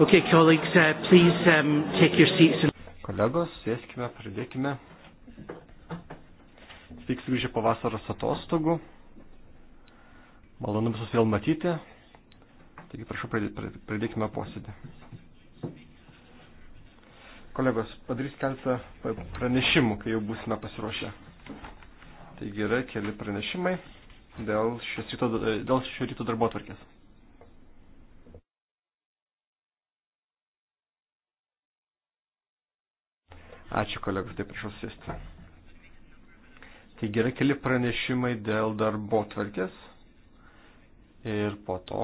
Okay, colleagues, uh, please um, take your seats. And... Kolegos, sėskime, pradėkime. Sveiki sugrįžę po vasaros atostogų. Malonu visus vėl matyti. Taigi prašau, pradėkime posėdį. Kolegos, padarys keletą pranešimų, kai jau būsime pasiruošę. Taigi yra keli pranešimai dėl, šio ryto, dėl šio ryto darbo atvarkės. Ačiū kolegos, taip prašau sėsti. Taigi yra keli pranešimai dėl darbo tvarkės ir po to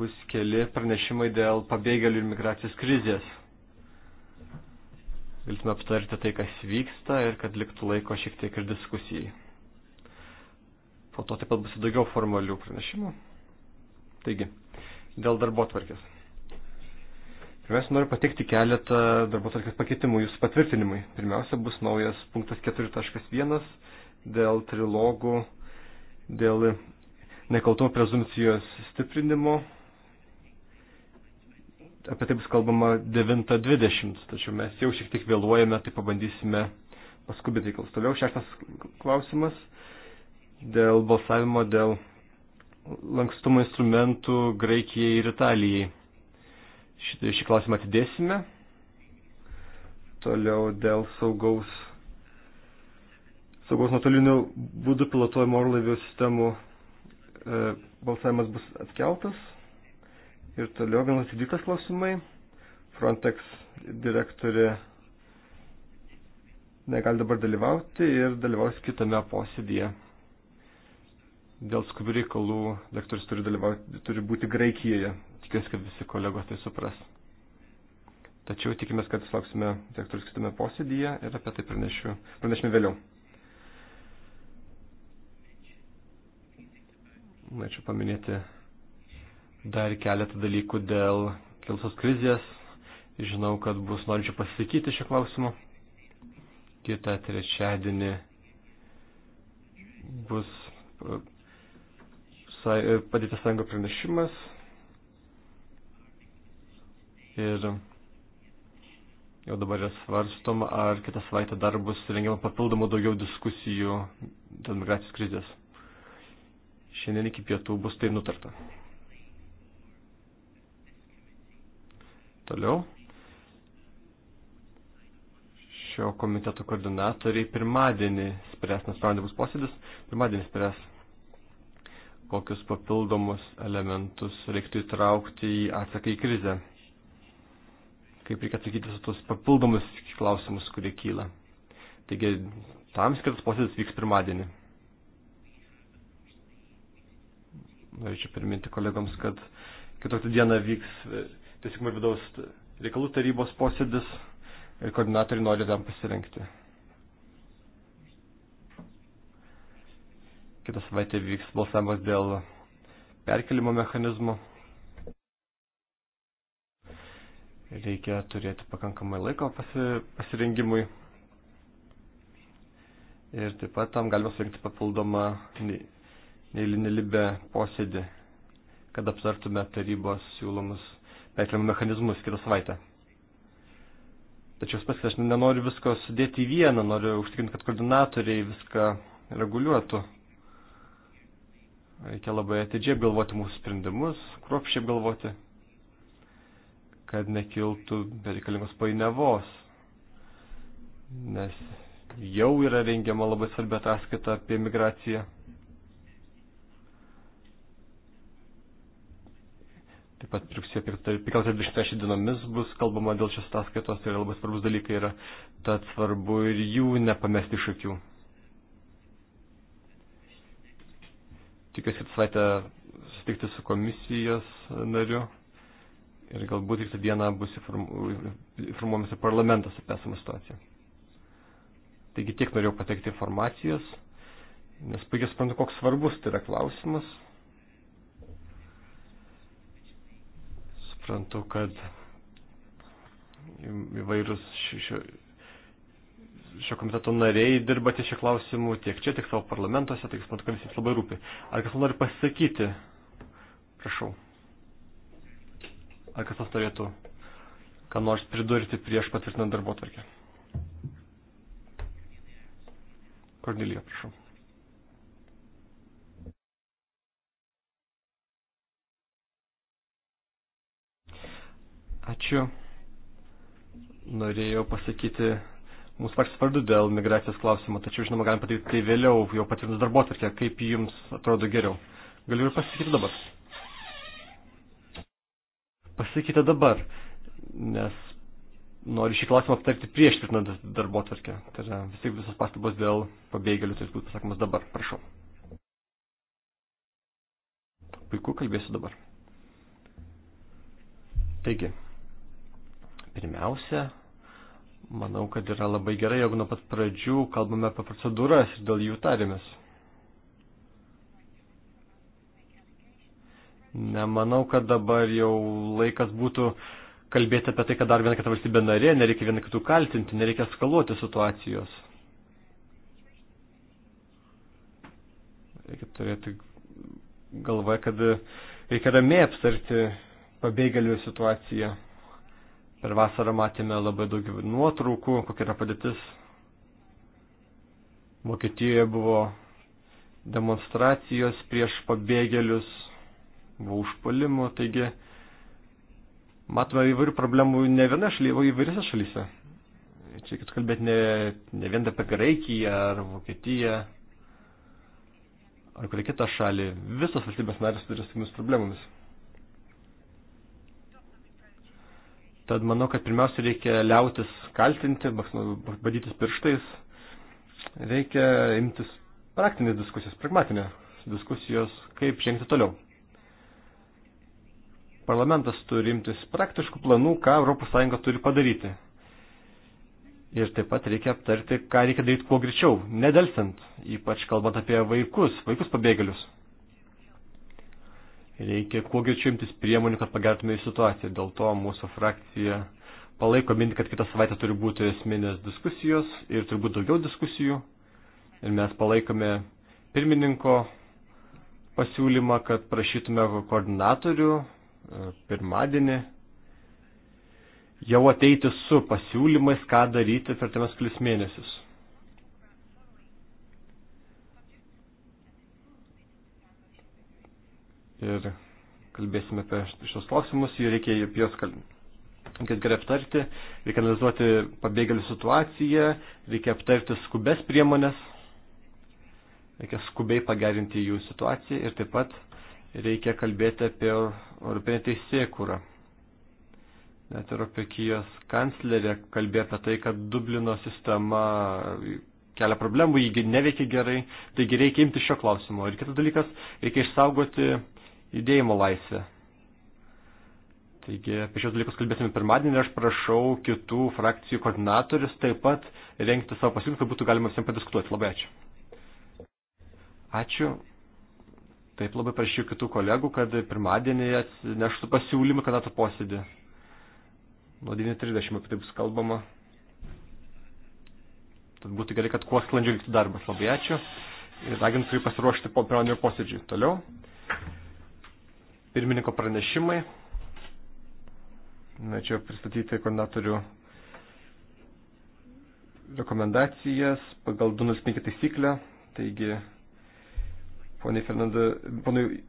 bus keli pranešimai dėl pabėgėlių ir migracijos krizės. Galime aptarti tai, kas vyksta ir kad liktų laiko šiek tiek ir diskusijai. Po to taip pat bus daugiau formalių pranešimų. Taigi, dėl darbo tvarkės. Pirmiausia, noriu pateikti keletą darbo tvarkės pakeitimų jūsų patvirtinimui. Pirmiausia, bus naujas punktas 4.1 dėl trilogų, dėl nekaltumo prezumcijos stiprinimo. Apie tai bus kalbama 9.20, tačiau mes jau šiek tiek vėluojame, tai pabandysime paskubėti reikalus. Toliau šeštas klausimas dėl balsavimo dėl lankstumo instrumentų Graikijai ir Italijai šitą, šį klausimą atidėsime. Toliau dėl saugaus, saugaus nuotolinių būdų pilotuojimo orlaivių sistemų e, balsavimas bus atkeltas. Ir toliau vienas įdykas klausimai. Frontex direktorė negali dabar dalyvauti ir dalyvaus kitame posėdėje. Dėl skubių reikalų lektorius turi, turi būti Graikijoje. Tikiuosi, kad visi kolegos tai supras. Tačiau tikimės, kad sulauksime direktorius kitame posėdyje ir apie tai pranešiu, pranešime vėliau. Norėčiau paminėti dar keletą dalykų dėl kilusios krizės. Žinau, kad bus norinčių pasisakyti šio klausimo. Kita trečiadienį bus e, padėtas sąjungo pranešimas Ir jau dabar yra svarstom, ar kitą savaitę dar bus rengiama papildomų daugiau diskusijų dėl migracijos krizės. Šiandien iki pietų bus tai nutarta. Toliau. Šio komiteto koordinatoriai pirmadienį spręs, nes pirmadienį bus posėdis, pirmadienį spręs, kokius papildomus elementus reiktų įtraukti į atsaką į krizę kaip reikia atsakyti su tos papildomus klausimus, kurie kyla. Taigi, tam skirtas posėdis vyks pirmadienį. Norėčiau priminti kolegams, kad kitokią dieną vyks e, tiesiog vidaus reikalų tarybos posėdis ir koordinatoriai nori tam pasirinkti. Kitą savaitę vyks balsavimas dėl perkelimo mechanizmo. Reikia turėti pakankamai laiko pasi, pasirengimui. Ir taip pat tam galima surinkti papildomą neįlinį libę posėdį, kad aptartume tarybos siūlomus perkeliamų mechanizmus kitą savaitę. Tačiau pats aš nenoriu visko sudėti į vieną, noriu užtikrinti, kad koordinatoriai viską reguliuotų. Reikia labai atidžiai apgalvoti mūsų sprendimus, kruopščiai apgalvoti kad nekiltų bereikalingos painiavos, nes jau yra rengiama labai svarbi ataskaita apie migraciją. Taip pat rugsėjo 15-26 dienomis bus kalbama dėl šios ataskaitos, tai yra labai svarbus dalykai, yra tad svarbu ir jų nepamesti iš akių. Tikiuosi, kad savaitę susitikti su komisijos nariu ir galbūt kitą dieną bus informuomis ir parlamentas apie esamą situaciją. Taigi tiek norėjau pateikti informacijos, nes puikiai suprantu, koks svarbus tai yra klausimas. Suprantu, kad įvairūs šio, šio komiteto nariai dirba ties šio klausimu tiek čia, tiek savo parlamentuose, tiek suprantu, kad visiems labai rūpi. Ar kas nori pasakyti? Prašau. Ar kas nors norėtų ką nors pridurti prieš patvirtinant darbo tvarkę? Kornelija, prašau. Ačiū. Norėjau pasakyti mūsų pačios vardu dėl migracijos klausimo, tačiau, žinoma, galim padaryti tai vėliau, jau patvirtinus darbo tarkę, kaip jums atrodo geriau. Galiu ir pasakyti dabar pasakyta dabar, nes noriu šį klausimą aptarti prieš tvirtinant darbo tvarkę. Tai yra vis tik visos pastabos dėl pabėgėlių turės būti pasakomas dabar. Prašau. Puiku, kalbėsiu dabar. Taigi, pirmiausia, manau, kad yra labai gerai, jog nuo pat pradžių kalbame apie procedūras ir dėl jų tarėmės. Nemanau, kad dabar jau laikas būtų kalbėti apie tai, kad dar viena kita valstybė narė, nereikia viena kitų kaltinti, nereikia skaluoti situacijos. Reikia turėti galvoje, kad reikia ramiai apsarti pabėgėlių situaciją. Per vasarą matėme labai daug nuotraukų, kokia yra padėtis. Vokietijoje buvo demonstracijos prieš pabėgėlius buvo užpalimų, taigi matome įvairių problemų ne viena šalyje, o įvairiose šalyse. Čia reikėtų kalbėti ne, ne vien apie Graikiją ar Vokietiją ar kurią kitą šalį. Visos valstybės narės turi su tomis problemomis. Tad manau, kad pirmiausia reikia liautis kaltinti, badytis pirštais. Reikia imtis praktinės diskusijos, pragmatinės diskusijos, kaip žengti toliau parlamentas turi imtis praktiškų planų, ką ES turi padaryti. Ir taip pat reikia aptarti, ką reikia daryti kuo greičiau, nedelsant, ypač kalbant apie vaikus, vaikus pabėgėlius. Reikia kuo greičiau imtis priemonių, kad pagertume į situaciją. Dėl to mūsų frakcija palaiko minti, kad kitą savaitę turi būti esminės diskusijos ir turbūt daugiau diskusijų. Ir mes palaikome pirmininko pasiūlymą, kad prašytume koordinatorių E, pirmadienį jau ateiti su pasiūlymais, ką daryti per temas klis mėnesius. Ir kalbėsime apie šios klausimus, jų reikia apie juos gerai aptarti, reikia analizuoti pabėgėlių situaciją, reikia aptarti skubes priemonės, reikia skubiai pagerinti jų situaciją ir taip pat reikia kalbėti apie Europinę teisėkūrą. Net ir Opekijos kanclerė kalbėjo apie tai, kad Dublino sistema kelia problemų, jį neveikia gerai, taigi reikia imti šio klausimo. Ir kitas dalykas, reikia išsaugoti judėjimo laisvę. Taigi apie šios dalykus kalbėsime pirmadienį ir aš prašau kitų frakcijų koordinatorius taip pat rengti savo pasiūlymus, kad būtų galima visiems padiskutuoti. Labai ačiū. Ačiū. Taip labai prašyju kitų kolegų, kad pirmadienį neštų pasiūlymą, kada tu posėdį. Nuo 9.30 apie tai bus kalbama. Tad būtų gerai, kad kuo sklandžiau vyktų darbas. Labai ačiū. Ir raginu turiu pasiruošti po pirmadienio posėdžiui. Toliau. Pirmininko pranešimai. Norėčiau pristatyti koordinatorių rekomendacijas pagal 205 taisyklę. Taigi, Pone Fernando, ponui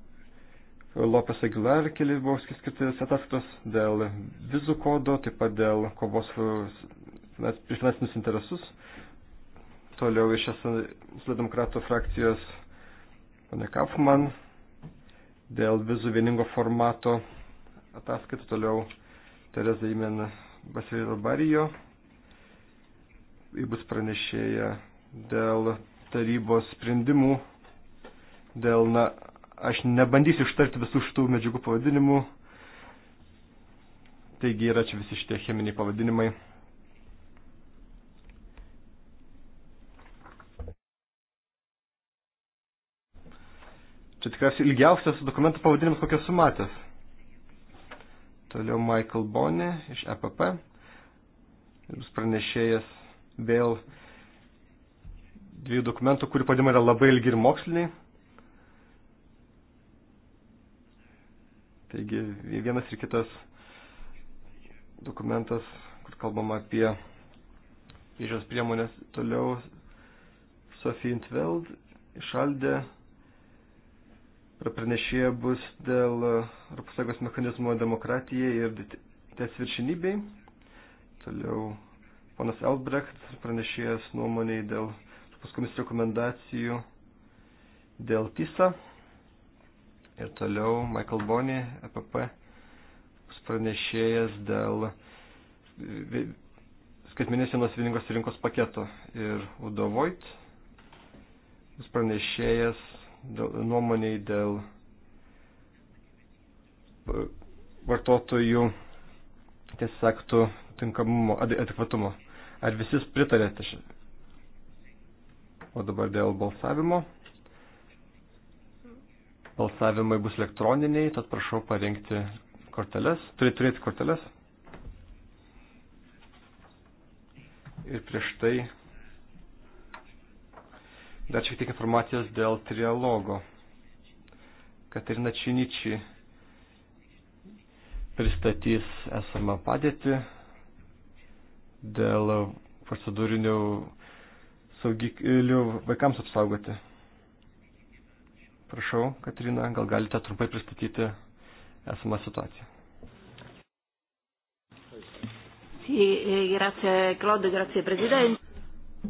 Lopes Aguilar keli buvo skirtis ataskaitos dėl vizų kodo, taip pat dėl kovos prieš finansinius interesus. Toliau iš Sledemokratų frakcijos ponė Kaufman dėl vizų vieningo formato ataskaitų. Toliau Tereza Imen Basvėro Barijo. Ji bus pranešėja dėl tarybos sprendimų dėl, na, aš nebandysiu ištarti visų šitų medžiagų pavadinimų, taigi yra čia visi šitie cheminiai pavadinimai. Čia tikriausiai ilgiausias dokumentų pavadinimas, kokio sumatęs. Toliau Michael Bonė iš EPP. Ir bus pranešėjas vėl dviejų dokumentų, kurių padimai yra labai ilgi ir moksliniai. Taigi vienas ir kitas dokumentas, kur kalbama apie priežios priemonės. Toliau Sofie Intveld išaldė pranešėja bus dėl ES mechanizmo demokratijai ir ties viršinybei. Toliau ponas Albrecht pranešėjas nuomoniai dėl ES komisijos rekomendacijų dėl TISA. Ir toliau Michael Boni, EPP, pranešėjas dėl skaitmenės vienos vieningos rinkos paketo. Ir Udo Voigt, jis pranešėjas dėl, nuomoniai dėl vartotojų tiesiog aktų tinkamumo, adekvatumo. Ar visi pritarėte šiandien? O dabar dėl balsavimo. Balsavimai bus elektroniniai, tad prašau parinkti korteles. Turi turėti korteles. Ir prieš tai dar šiek tiek informacijos dėl trialogo. Katarina Činičiai pristatys esamą padėtį dėl procedūrinių saugiklių vaikams apsaugoti. Prašau, Katrina, gal galite trumpai pristatyti esamą situaciją. Eh, grazie, Claude, grazie, prezidentė.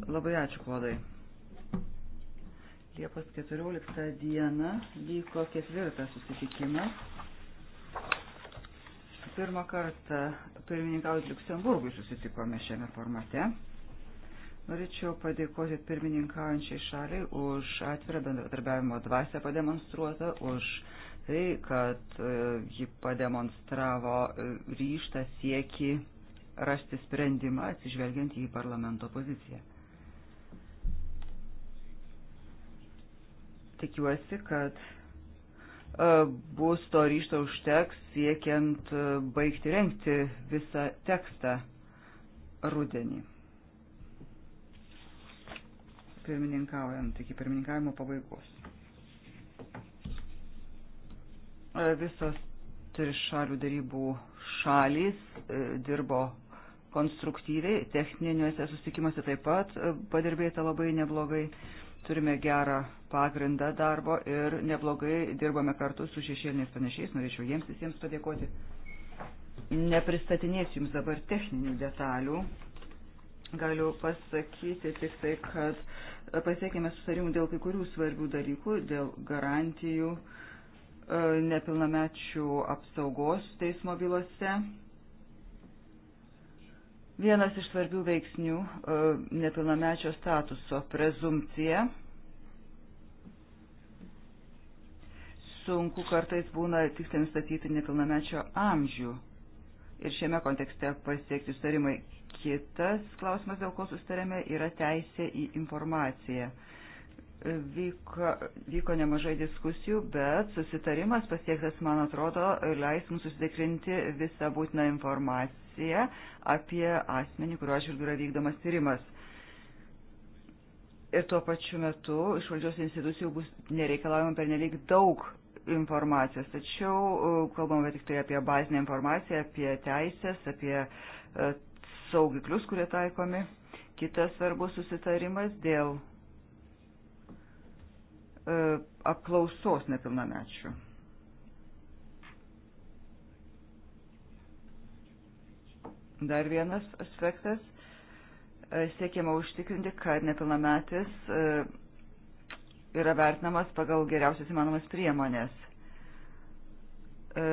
Labai ačiū, Klaudai. Liepos 14 diena vyko ketvirtas susitikimas. Pirmą kartą pirmininkaujant Luksemburgui susitikome šiame formate. Norėčiau padėkoti pirmininkaujančiai šaliai už atvirą bendradarbiavimo dvasę pademonstruotą, už tai, kad e, ji pademonstravo e, ryštą sieki rasti sprendimą atsižvelgiant į parlamento poziciją. Tikiuosi, kad e, bus to ryšto užteks siekiant baigti renkti visą tekstą rudenį pirmininkaujant iki pirmininkavimo pabaigos. E, visos trišalių darybų šalys e, dirbo konstruktyviai, techniniuose susitikimuose taip pat e, padirbėta labai neblogai. Turime gerą pagrindą darbo ir neblogai dirbame kartu su šešėliniais panašiais. Norėčiau jiems visiems padėkoti. Nepristatinėsiu jums dabar techninių detalių Galiu pasakyti tik tai, kad pasiekėme susarimų dėl kai kurių svarbių dalykų, dėl garantijų e, nepilnamečių apsaugos teismo bylose. Vienas iš svarbių veiksnių e, - nepilnamečio statuso prezumcija. Sunku kartais būna tiksliai nustatyti nepilnamečio amžių ir šiame kontekste pasiekti sutarimai Kitas klausimas, dėl ko sustarėme, yra teisė į informaciją. Vyko, vyko nemažai diskusijų, bet susitarimas pasiektas, man atrodo, leis mums susitikrinti visą būtiną informaciją apie asmenį, kurio atžvilgiu yra vykdomas tyrimas. Ir tuo pačiu metu iš valdžios institucijų bus nereikalaujama per nelik daug informacijos, tačiau e, kalbame tik tai apie bazinę informaciją, apie teisės, apie e, saugiklius, kurie taikomi. Kitas svarbus susitarimas dėl e, apklausos nepilnamečių. Dar vienas aspektas e, siekiama užtikrinti, kad nepilnametis e, yra vertinamas pagal geriausias įmanomas priemonės. E,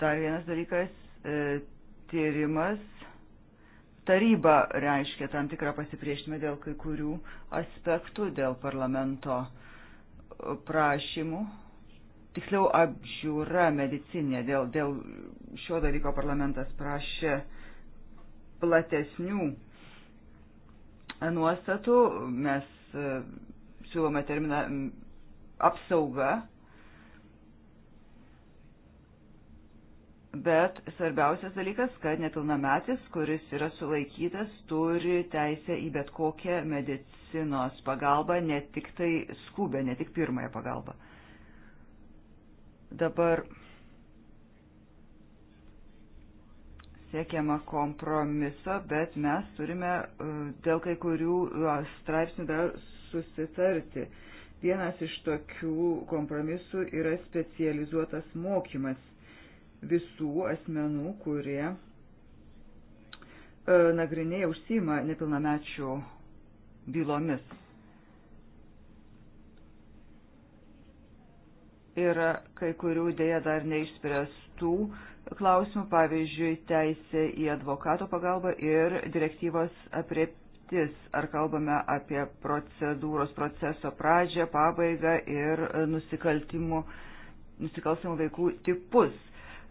dar vienas dalykas e, - tyrimas taryba reiškia tam tikrą pasipriešinimą dėl kai kurių aspektų, dėl parlamento e, prašymų. Tiksliau apžiūra medicinė, dėl, dėl šio dalyko parlamentas prašė platesnių e, nuostatų. Mes e, siūlome terminą apsauga Bet svarbiausias dalykas, kad nepilnametis, kuris yra sulaikytas, turi teisę į bet kokią medicinos pagalbą, ne tik tai skubę, ne tik pirmąją pagalbą. Dabar siekiama kompromiso, bet mes turime e, dėl kai kurių e, straipsnių dar susitarti. Vienas iš tokių kompromisų yra specializuotas mokymas visų asmenų, kurie e, nagrinėja užsima nepilnamečių bylomis. Yra kai kurių dėja dar neišspręstų klausimų, pavyzdžiui, teisė į advokato pagalbą ir direktyvos apreptis. Ar kalbame apie procedūros proceso pradžią, pabaigą ir nusikaltimų, nusikalstamų veikų tipus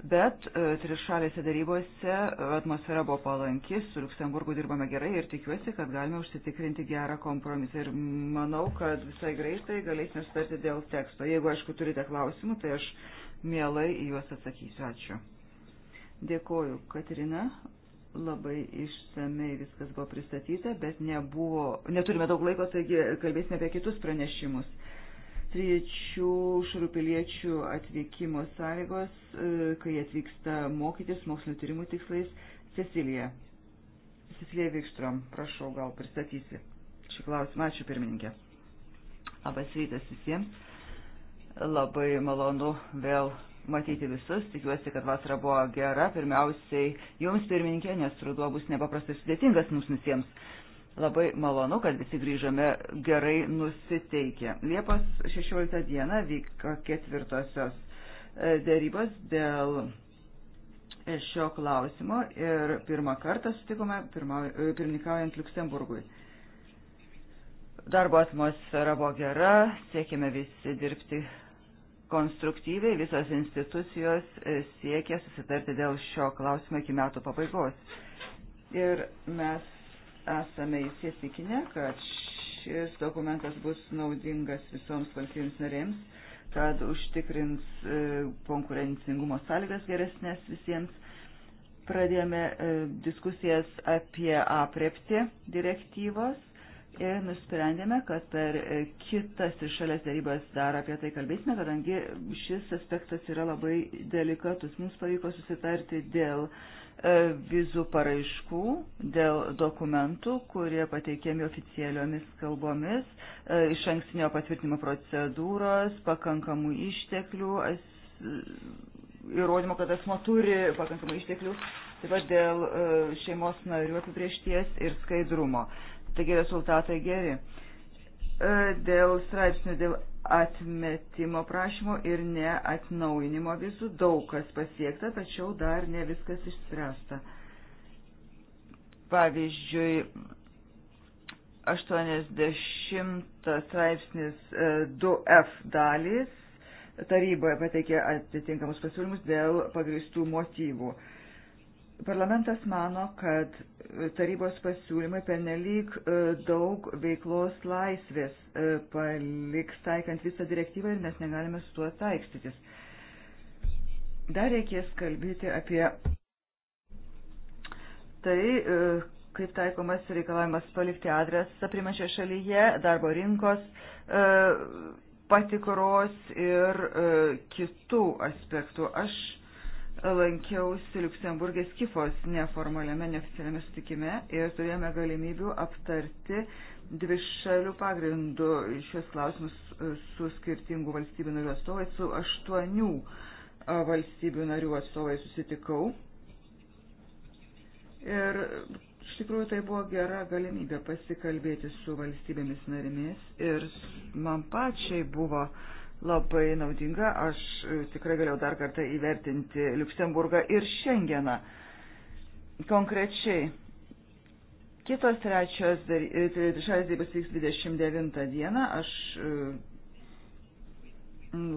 Bet e, trišalėse darybose e, atmosfera buvo palanki, su Luksemburgu dirbame gerai ir tikiuosi, kad galime užsitikrinti gerą kompromisą. Ir manau, kad visai greitai galėsime sutarti dėl teksto. Jeigu, aišku, turite klausimų, tai aš mielai į juos atsakysiu. Ačiū. Dėkoju, Katrina. Labai išsamei viskas buvo pristatyta, bet nebuvo, neturime daug laiko, taigi kalbėsime apie kitus pranešimus. Austriečių šurupiliečių atvykimo sąlygos, e, kai atvyksta mokytis mokslinio tyrimų tikslais. Cecilija. Cecilija Vikštrom, prašau, gal pristatysi šį klausimą. Ačiū pirmininkė. Labas rytas visiems. Labai malonu vėl matyti visus. Tikiuosi, kad vasara buvo gera. Pirmiausiai jums pirmininkė, nes ruduo bus nepaprastai sudėtingas mums visiems. Labai malonu, kad visi grįžome gerai nusiteikę. Liepos 16 dieną vyko ketvirtosios e, dėrybos dėl e, šio klausimo ir pirmą kartą sutikome e, pirmininkaujant Luksemburgui. Darbo atmosfera buvo gera, siekime visi dirbti konstruktyviai, visos institucijos siekia susitarti dėl šio klausimo iki metų pabaigos. Ir mes esame įsitikinę, kad šis dokumentas bus naudingas visoms valstybėms narėms, kad užtikrins e, konkurencingumo sąlygas geresnės visiems. Pradėjome e, diskusijas apie aprepti direktyvos ir nusprendėme, kad per e, kitas ir šalias darybas dar apie tai kalbėsime, kadangi šis aspektas yra labai delikatus. Mums pavyko susitarti dėl uh, E, vizų paraiškų dėl dokumentų, kurie pateikiami oficialiomis kalbomis, e, iš ankstinio patvirtinimo procedūros, pakankamų išteklių, e, įrodymo, kad asmo turi pakankamų išteklių, taip pat dėl šeimos narių apibriešties ir skaidrumo. Taigi rezultatai geri. E, dėl straipsnių, dėl atmetimo prašymo ir neatnaujinimo vizų daug kas pasiekta, tačiau dar ne viskas išspręsta. Pavyzdžiui, 80 straipsnis 2F e, dalys taryboje pateikė atitinkamus pasiūlymus dėl pagristų motyvų. Parlamentas mano, kad e, tarybos pasiūlymai pernelyg e, daug veiklos laisvės e, paliks taikant visą direktyvą ir mes negalime su tuo taikstytis. Dar reikės kalbėti apie tai, kaip taikomas reikalavimas palikti adresą primančioje šalyje, darbo rinkos patikros ir kitų aspektų. Aš lankiausi Luksemburgės Kifos neformaliame, neoficialiame sutikime ir turėjome galimybių aptarti dvi šalių pagrindų šios klausimus e, su skirtingų valstybių narių atstovais, su aštuonių e, valstybių narių atstovais susitikau. Ir iš tikrųjų tai buvo gera galimybė pasikalbėti su valstybėmis narimis ir man pačiai buvo uh, labai naudinga. Aš e, tikrai galėjau dar kartą įvertinti Luksemburgą ir Šengeną. Konkrečiai, kitos trečios šalys e, dėbės vyks 29 dieną. Aš e,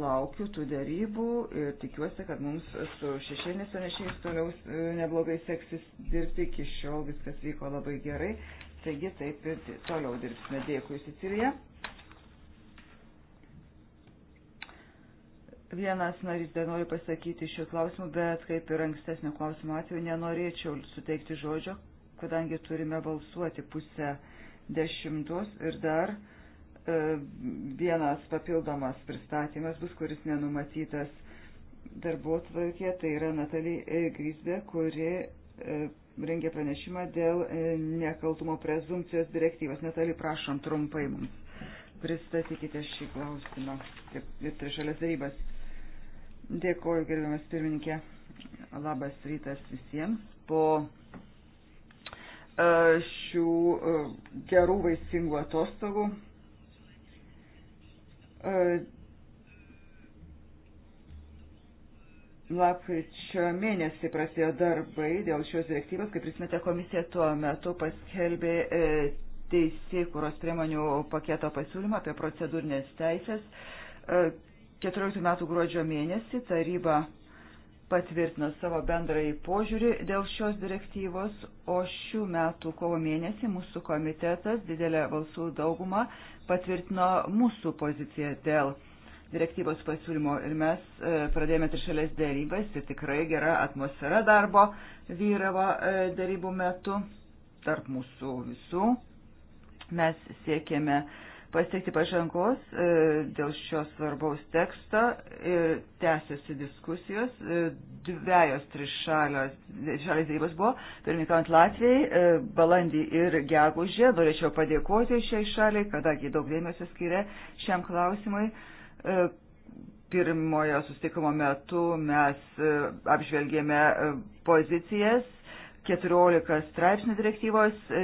laukiu tų dėrybų ir tikiuosi, kad mums su šešėlinis panešiais toliau neblogai seksis dirbti. Iki šiol viskas vyko labai gerai. Taigi taip ir toliau dirbsime. Dėkui, Sicilija. Vienas narys dar nori pasakyti šiuo klausimu, bet kaip ir ankstesnio klausimo atveju nenorėčiau suteikti žodžio, kadangi turime balsuoti pusę dešimtos ir dar e, vienas papildomas pristatymas bus, kuris nenumatytas darbo tvarkė, tai yra Natalija Grisbė, kuri e, rengė pranešimą dėl e, nekaltumo prezumcijos direktyvos. Natalija, prašom trumpai mums pristatykite šį klausimą ir trišalės darybas. Dėkoju, gerbiamas pirmininkė. Labas rytas visiems. Po e, šių e, gerų vaisingų atostogų e, Lapkričio mėnesį prasidėjo darbai dėl šios direktyvos, kaip prisimėte, komisija tuo metu paskelbė teisėkuros priemonių paketo pasiūlymą apie procedūrinės teisės. 14 metų gruodžio mėnesį taryba patvirtino savo bendrąjį požiūrį dėl šios direktyvos, o šių metų kovo mėnesį mūsų komitetas didelę balsų daugumą patvirtino mūsų poziciją dėl direktyvos pasiūlymo ir mes e, pradėjome trišalės dėrybas ir tikrai gera atmosfera darbo vyravo e, dėrybų metu tarp mūsų visų. Mes siekėme uh, pasiekti pažangos e, dėl šios svarbaus teksto ir e, tęsiasi diskusijos. E, Dviejos trišalės dėrybos buvo, pirmininkant Latvijai, balandį ir gegužė. Norėčiau padėkoti šiai šaliai, kadangi daug dėmesio skiria šiam klausimui. Pirmojo sustikimo metu mes apžvelgėme pozicijas 14 straipsnių direktyvos, e,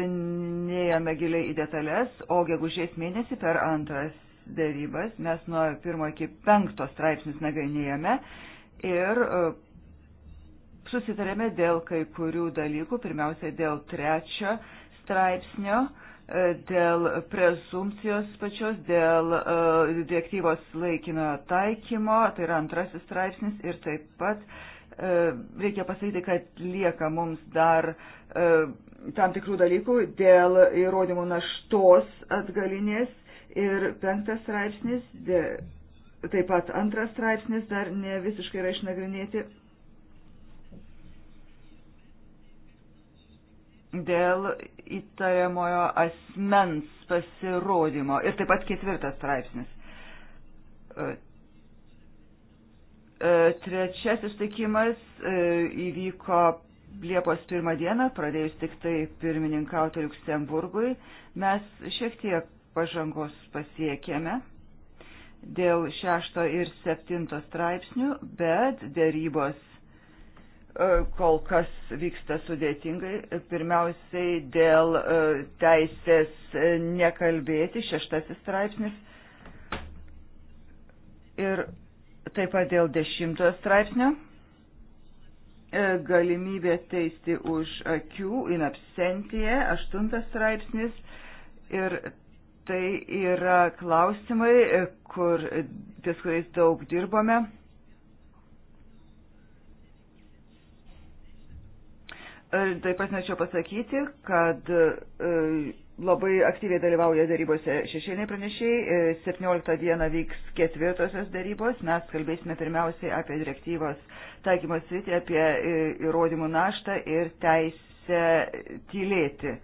neėjome giliai į detalės, o gegužės mėnesį per antras dėrybas mes nuo 1 iki 5 straipsnius nagrinėjome ir e, susitarėme dėl kai kurių dalykų, pirmiausia dėl trečio straipsnio, e, dėl prezumcijos pačios, dėl direktyvos laikinojo taikymo, tai yra antrasis straipsnis ir taip pat E, reikia pasakyti, kad lieka mums dar e, tam tikrų dalykų dėl įrodymų naštos atgalinės ir penktas straipsnis, taip pat antras straipsnis dar ne visiškai yra išnagrinėti. Dėl įtariamojo asmens pasirodymo ir taip pat ketvirtas straipsnis e, E, trečiasis tikimas e, įvyko Liepos pirmą dieną, pradėjus tik tai pirmininkauti Luksemburgui. Mes šiek tiek pažangos pasiekėme dėl šešto ir septinto straipsnių, bet dėrybos e, kol kas vyksta sudėtingai. Pirmiausiai dėl teisės nekalbėti, šeštasis straipsnis. Ir Taip pat dėl dešimtojo straipsnio e, galimybė teisti už akių in absentie, aštuntas straipsnis. Ir tai yra klausimai, e, kur, ties kuriais daug dirbome. Ir taip pat norėčiau pasakyti, kad e, labai aktyviai dalyvauja darybose šešėliniai pranešiai. 17 e, dieną vyks ketvirtosios darybos. Mes kalbėsime pirmiausiai apie direktyvos taikymos sritį, apie e, įrodymų naštą ir teisę tylėti.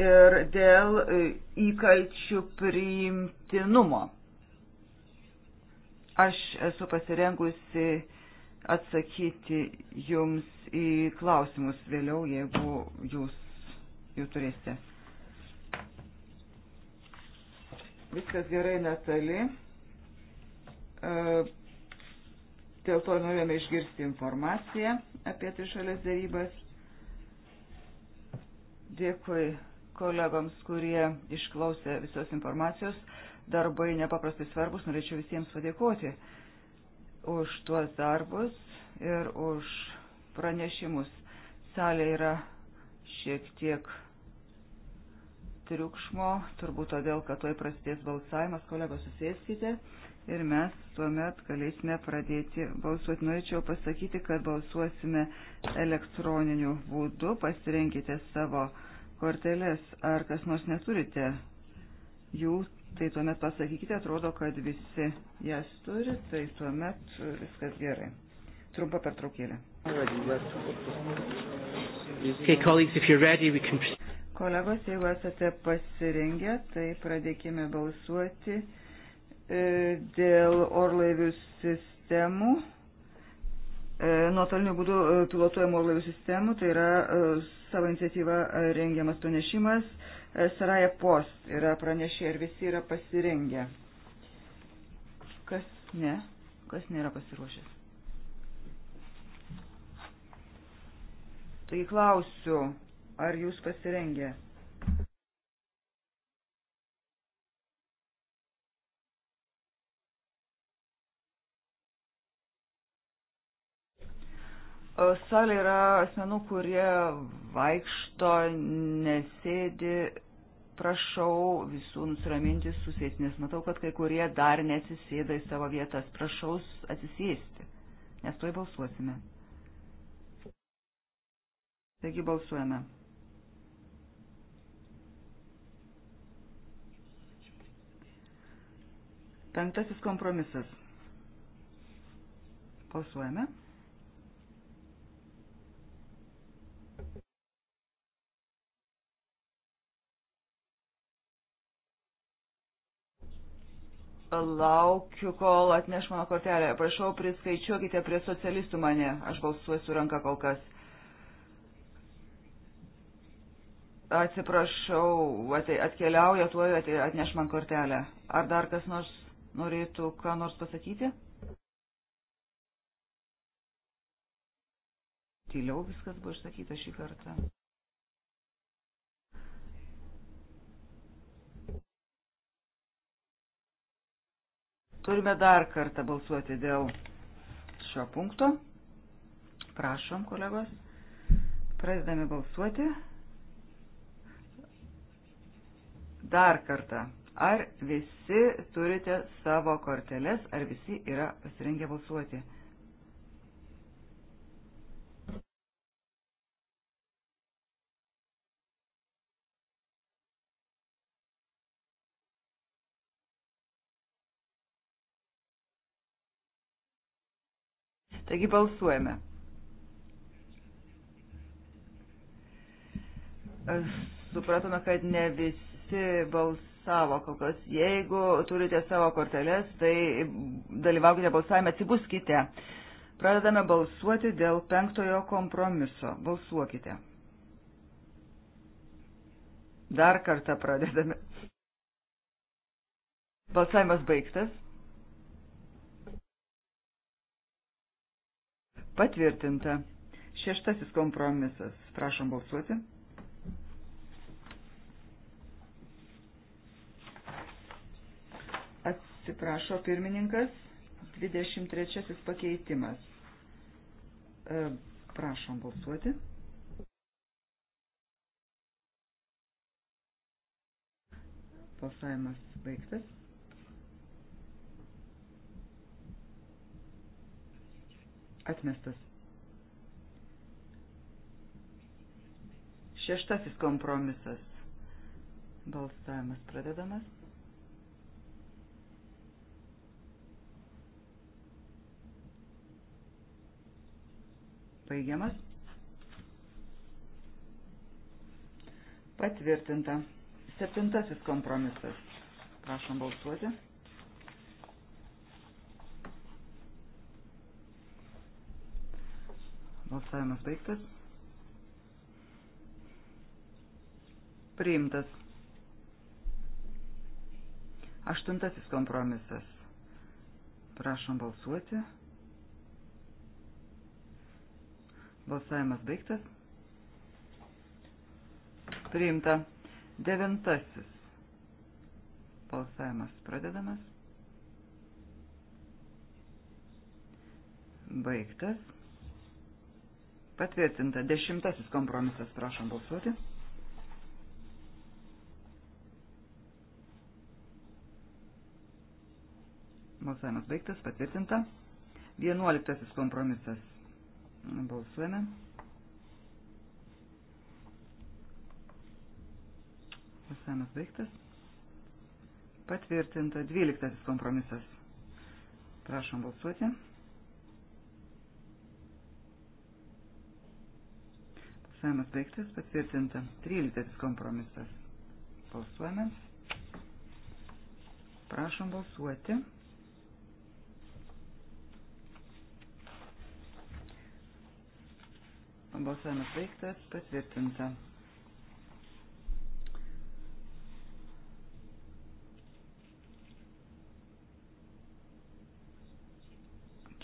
Ir dėl e, įkalčių priimtinumo. Aš esu pasirengusi atsakyti jums į klausimus vėliau, jeigu jūs jų turėsite. Viskas gerai, Natali. E, dėl to norėjome išgirsti informaciją apie trišalės darybas. Dėkui kolegoms, kurie išklausė visos informacijos. Darbai nepaprastai svarbus. Norėčiau visiems padėkoti už tuos darbus ir už pranešimus. Salė yra šiek tiek triukšmo, turbūt todėl, kad tuoj prasidės balsavimas, kolegos susėskite ir mes tuomet galėsime pradėti balsuoti. Norėčiau pasakyti, kad balsuosime elektroniniu būdu, pasirenkite savo korteles, ar kas nors neturite jų, tai tuomet pasakykite, atrodo, kad visi jas turi, tai tuomet viskas gerai. Trumpa pertraukėlė. Kolegos, jeigu esate pasirengę, tai pradėkime balsuoti e, dėl orlaivių sistemų, e, nuotoliniu būdu pilotuojamų e, orlaivių sistemų, tai yra savo iniciatyva rengiamas pranešimas, Saraja Post yra pranešė ir visi yra pasirengę. Kas ne, kas nėra pasiruošęs. Tai klausiu, ar jūs pasirengę? E, salė yra asmenų, kurie vaikšto, nesėdi, prašau visų nusiraminti, susėsti, nes matau, kad kai kurie dar nesisėda į savo vietas, prašau atsisėsti, nes tuoj balsuosime. Taigi balsuojame. Penktasis kompromisas. Balsuojame. Laukiu, kol atneš mano kortelę. Prašau, priskaičiuokite prie socialistų mane. Aš balsuosiu ranką kol kas. Atsiprašau, atkeliauja, tuoj atneš man kortelę. Ar dar kas nors norėtų ką nors pasakyti? Tyliau viskas buvo išsakyta šį kartą. Turime dar kartą balsuoti dėl šio punkto. Prašom, kolegos. Pradedame balsuoti. Dar kartą, ar visi turite savo korteles, ar visi yra pasirengę balsuoti? Taigi balsuojame. Supratome, kad ne visi visi balsavo kol kas. Jeigu turite savo korteles, tai dalyvaukite balsavime, atsibuskite. Pradedame balsuoti dėl penktojo kompromiso. Balsuokite. Dar kartą pradedame. Balsavimas baigtas. Patvirtinta. Šeštasis kompromisas. Prašom balsuoti. atsiprašo pirmininkas, 23 pakeitimas. E, prašom balsuoti. Balsavimas baigtas. Atmestas. Šeštasis kompromisas. Balsavimas pradedamas. Baigiamas. Patvirtinta. Septintasis kompromisas. Prašom balsuoti. Balsavimas baigtas. Priimtas. Aštuntasis kompromisas. Prašom balsuoti. Balsavimas baigtas. Priimta. Devintasis. Balsavimas pradedamas. Baigtas. Patvirtinta. Dešimtasis kompromisas. Prašom balsuoti. Balsavimas baigtas. Patvirtinta. Vienuoliktasis kompromisas. Balsuojame. Balsavimas baigtas. Patvirtinta 12 kompromisas. Prašom balsuoti. Balsavimas baigtas, patvirtinta 13 kompromisas. Balsuojame. Prašom balsuoti. Balsavimas baigtas, patvirtinta.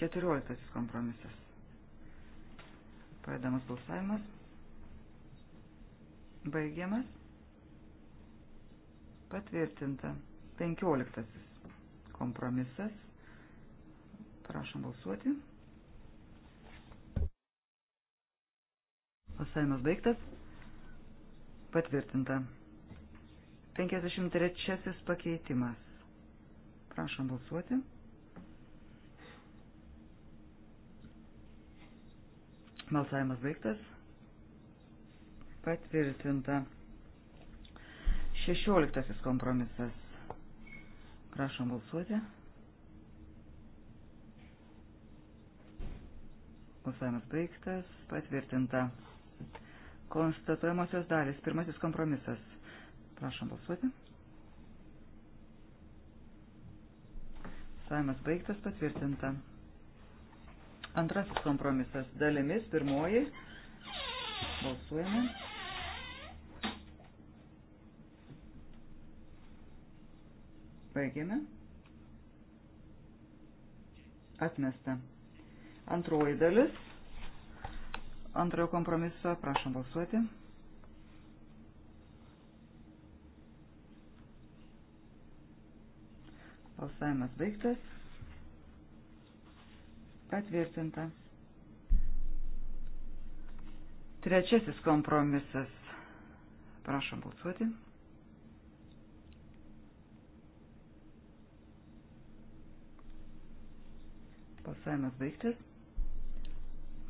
Keturioliktasis kompromisas. Pradedamas balsavimas. Baigiamas. Patvirtinta. Penkioliktasis kompromisas. Prašom balsuoti. Balsavimas baigtas. Patvirtinta. 53 pakeitimas. Prašom balsuoti. Balsavimas baigtas. Patvirtinta. 16 kompromisas. Prašom balsuoti. Balsavimas baigtas. Patvirtinta. Konstatuojamosios dalis. Pirmasis kompromisas. Prašom balsuoti. Saimas baigtas patvirtinta. Antrasis kompromisas. Dalimis pirmoji. Balsuojame. Baigėme. Atmesta. Antroji dalis antrojo kompromiso. Prašom balsuoti. Balsavimas baigtas. Patvirtinta. Trečiasis kompromisas. Prašom balsuoti. Balsavimas baigtas.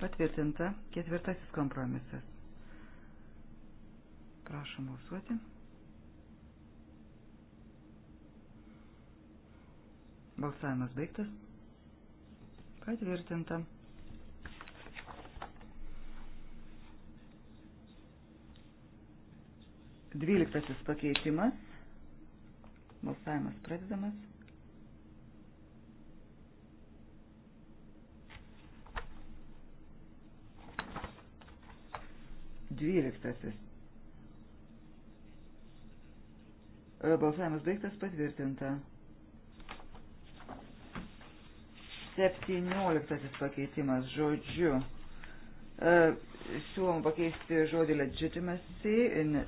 Patvirtinta ketvirtasis kompromisas. Prašom balsuoti. Balsavimas baigtas. Patvirtinta. Dvyliktasis pakeitimas. Balsavimas pradedamas. Dvyliktasis. E, balsavimas baigtas patvirtinta. Septynioliktasis pakeitimas žodžiu. E, siūlom pakeisti žodį legitimacy,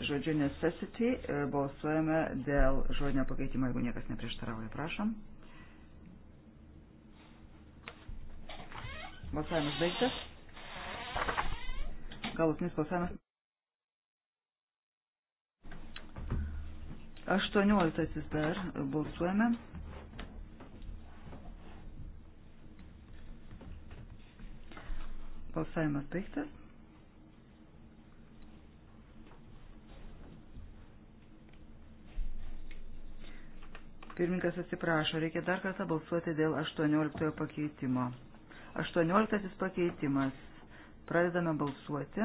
žodžiu necessity. E, balsuojame dėl žodinio pakeitimo, jeigu niekas neprieštarauja. Prašom. Balsavimas baigtas galutinis balsavimas. 18 dar balsuojame. Balsavimas baigtas. Pirmininkas atsiprašo, reikia dar kartą balsuoti dėl 18 pakeitimo. 18 pakeitimas. Pradedame balsuoti.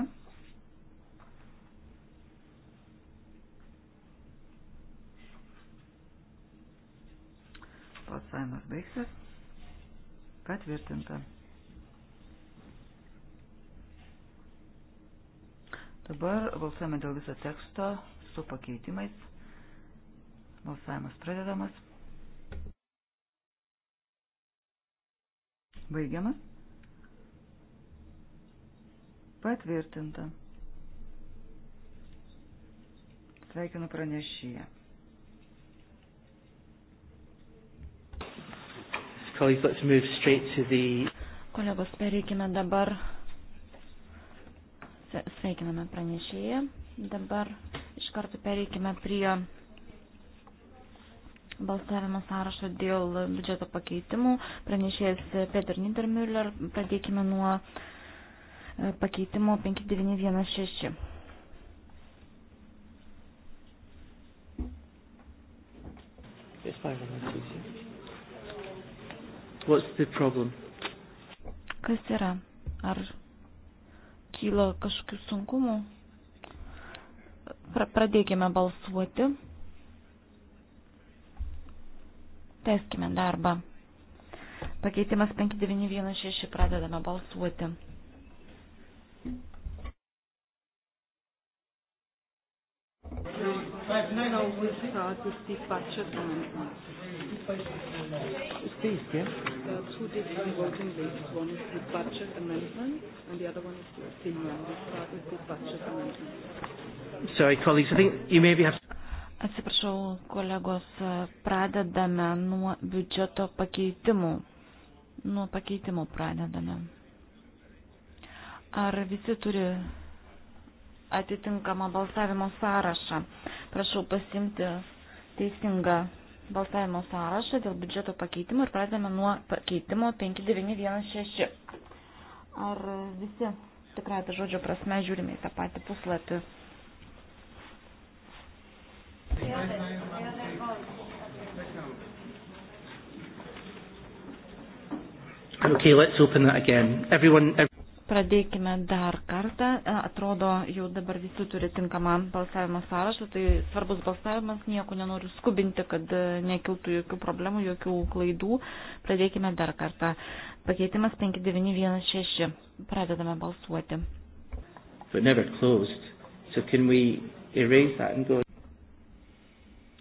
Balsavimas baigtas. Patvirtinta. Dabar balsuojame dėl viso teksto su pakeitimais. Balsavimas pradedamas. Baigiamas. Patvirtinta. Sveikinu pranešyje. Kolegos, pereikime dabar. Sveikiname pranešėją. Dabar iš karto pereikime prie balsavimo sąrašo dėl biudžeto pakeitimų. Pranešėjas Peter Niedermüller. Pradėkime nuo uh, E, pakeitimo 5916. It's 5126. What's the problem? Kas yra? Ar kyla kažkokių sunkumų? Pra, pradėkime balsuoti. Teskime darbą. Pakeitimas 5916 pradedame balsuoti. No, no, we start with the budget amendments. It's these, yeah? There are two different working lists. One is the budget amendment, and the other one is the opinion. We start with the budget amendment. Sorry, colleagues, I think you maybe have... Atsiprašau, kolegos, pradedame nuo biudžeto pakeitimų. Nuo pakeitimų pradedame. Ar visi turi atitinkamą balsavimo sąrašą? Prašau pasimti teisingą balsavimo sąrašą dėl biudžeto pakeitimo ir pradedame nuo pakeitimo 5916. Ar visi tikrai tą žodžio prasme žiūrime į tą patį puslapį? Okay, let's open that again. Everyone, everyone... Pradėkime dar kartą. E, atrodo, jau dabar visi turi tinkamą balsavimo sąrašą, tai svarbus balsavimas, nieko nenoriu skubinti, kad e, nekiltų jokių problemų, jokių klaidų. Pradėkime dar kartą. Pakeitimas 5916. Pradedame balsuoti. So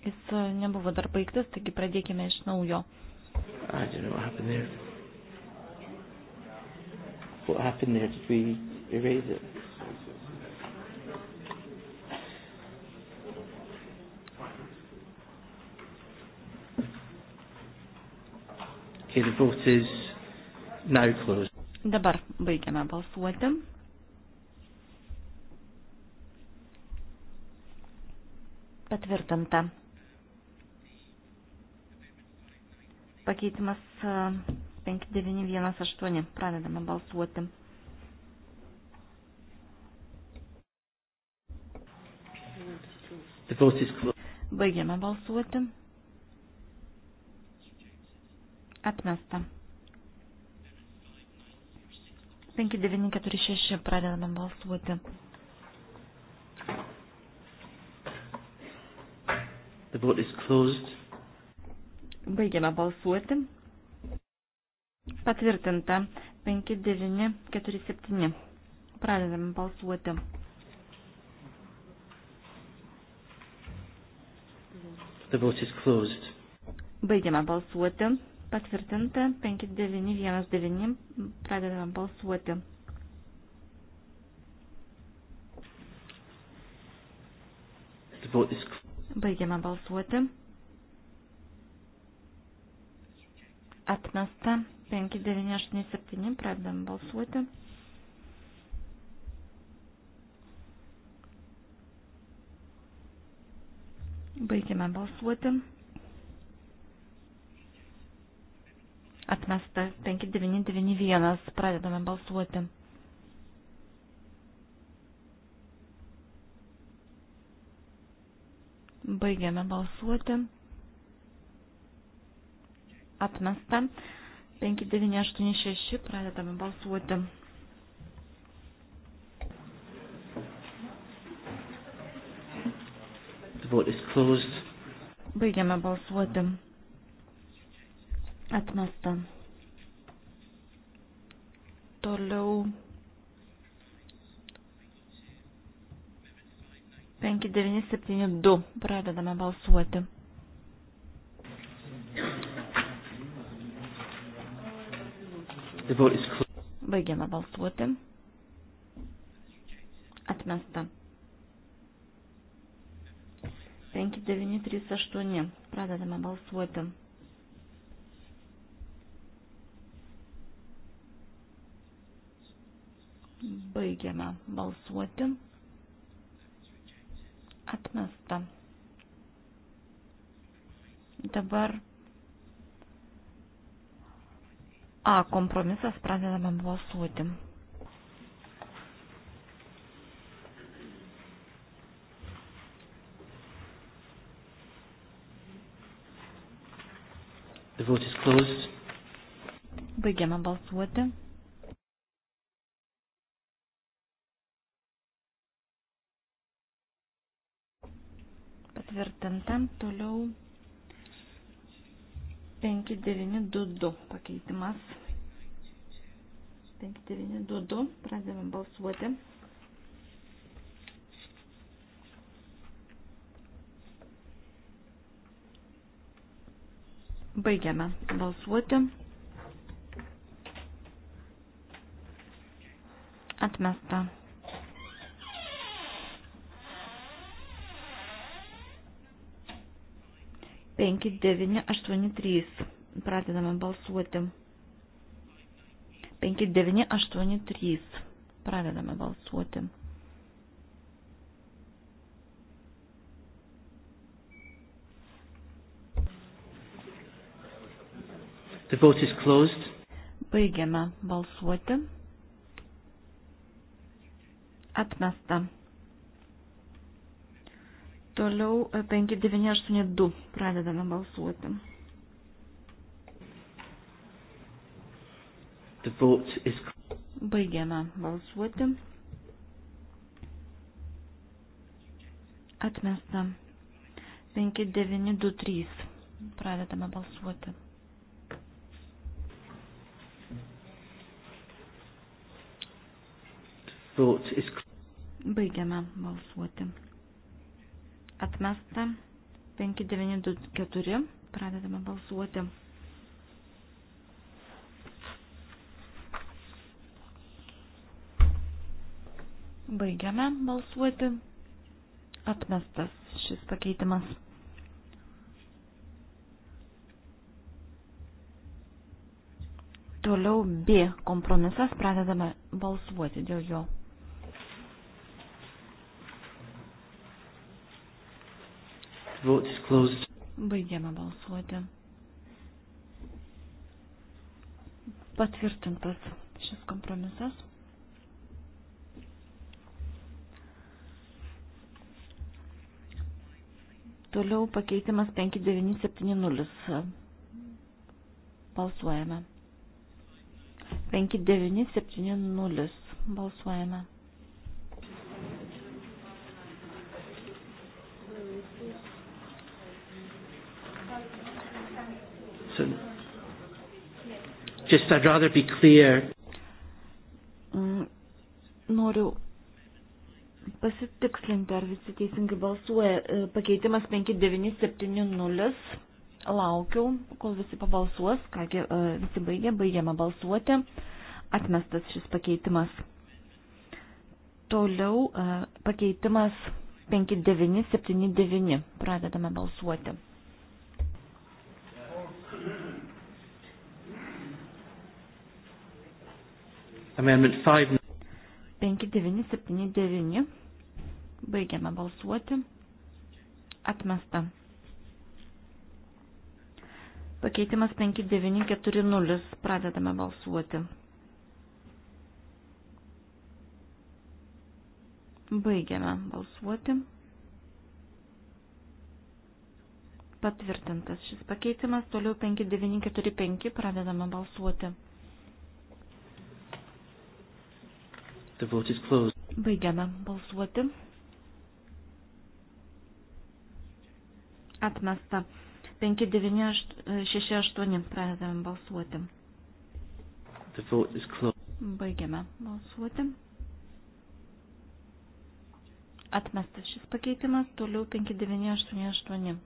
Jis e, nebuvo dar baigtas, taigi pradėkime iš naujo. I don't know what happened there. What happened there? Did we erase it? Okay, the vote is now closed. Dabar baigiame balsuoti. Patvirtinta. Pakeitimas 5918. Pradedame balsuoti. Baigiame balsuoti. Atmesta. 5946 pradedame balsuoti. The vote is closed. Baigiame balsuoti. Patvirtinta. 5947. Pradedame balsuoti. The vote is closed. Baigiame balsuoti. Patvirtinta. 5919. Pradedame balsuoti. The vote is Baigiame balsuoti. Atmesta. 5987 pradedam balsuoti. Baigime balsuoti. Atmesta 5991 pradedame balsuoti. Baigiame balsuoti. Atmesta 5986 pradedame balsuoti. Baigiame balsuoti. Atmesta. Toliau 5972 pradedame balsuoti. Baigiame balsuoti. Atmesta. 5938. Pradedame balsuoti. Baigiame balsuoti. Atmesta. Dabar A kompromisas pradedame balsuoti. The vote is closed. Baigiame balsuoti. Patvirtinta. Toliau 5922 pakeitimas. 5922, pradėjome balsuoti. Baigiame balsuoti. Atmesta. 5983. Pradedame balsuoti. 5983. Pradedame balsuoti. The vote is closed. Baigiame balsuoti. Atmesta. Toliau 5982 e, pradedame balsuoti. Is... Baigiame balsuoti. Atmesta. 5923 pradedame balsuoti. Is... Baigiame balsuoti Atmesta 5924. Pradedame balsuoti. Baigiame balsuoti. Atmestas šis pakeitimas. Toliau B kompromisas pradedame balsuoti dėl jo. Vote is closed. Baigiame balsuoti. Patvirtintas šis kompromisas. Toliau pakeitimas 5970. Balsuojame. 5970. Balsuojame. just I'd rather be clear. Mm, noriu pasitikslinti, ar visi teisingai balsuoja. E, pakeitimas 5970. Laukiau, kol visi pabalsuos. Kągi, e, visi baigė, baigėme balsuoti. Atmestas šis pakeitimas. Toliau e, pakeitimas 5979. Pradedame balsuoti. Amendment 5. 5979. Baigiame balsuoti. Atmesta. Pakeitimas 5940. Pradedame balsuoti. Baigiame balsuoti. Patvirtintas šis pakeitimas. Toliau 5945. Pradedame balsuoti. The vote is closed. Baigiame balsuoti. Atmesta. 5968 pradedame balsuoti. The vote is closed. Baigiame balsuoti. Atmestas šis pakeitimas. Toliau 5988.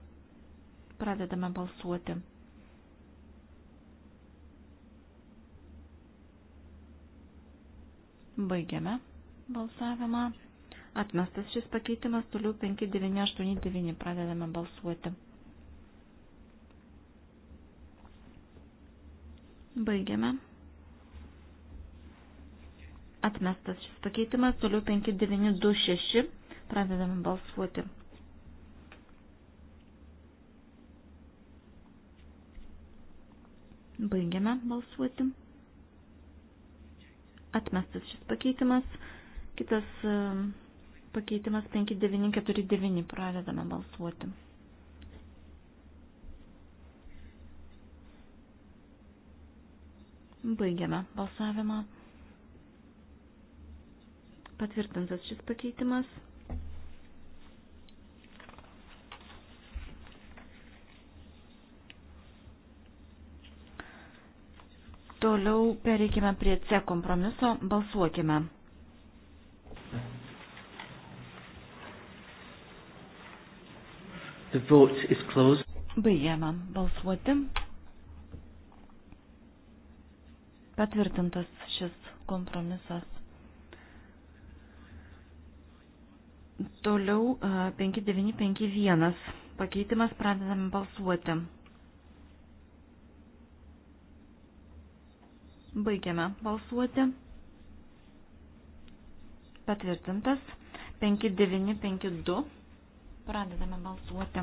Pradedame balsuoti. Baigiame balsavimą. Atmestas šis pakeitimas, toliau 5989 pradedame balsuoti. Baigiame. Atmestas šis pakeitimas, toliau 5926 pradedame balsuoti. Baigiame balsuoti. Atmestas šis pakeitimas. Kitas e, pakeitimas 5949. Pradedame balsuoti. Baigiame balsavimą. Patvirtintas šis pakeitimas. Toliau pereikime prie C kompromiso, balsuokime. Baigiame balsuoti. Patvirtintas šis kompromisas. Toliau 5951 pakeitimas pradedame balsuoti. Baigiame balsuoti. Patvirtintas. 5952. Pradedame balsuoti.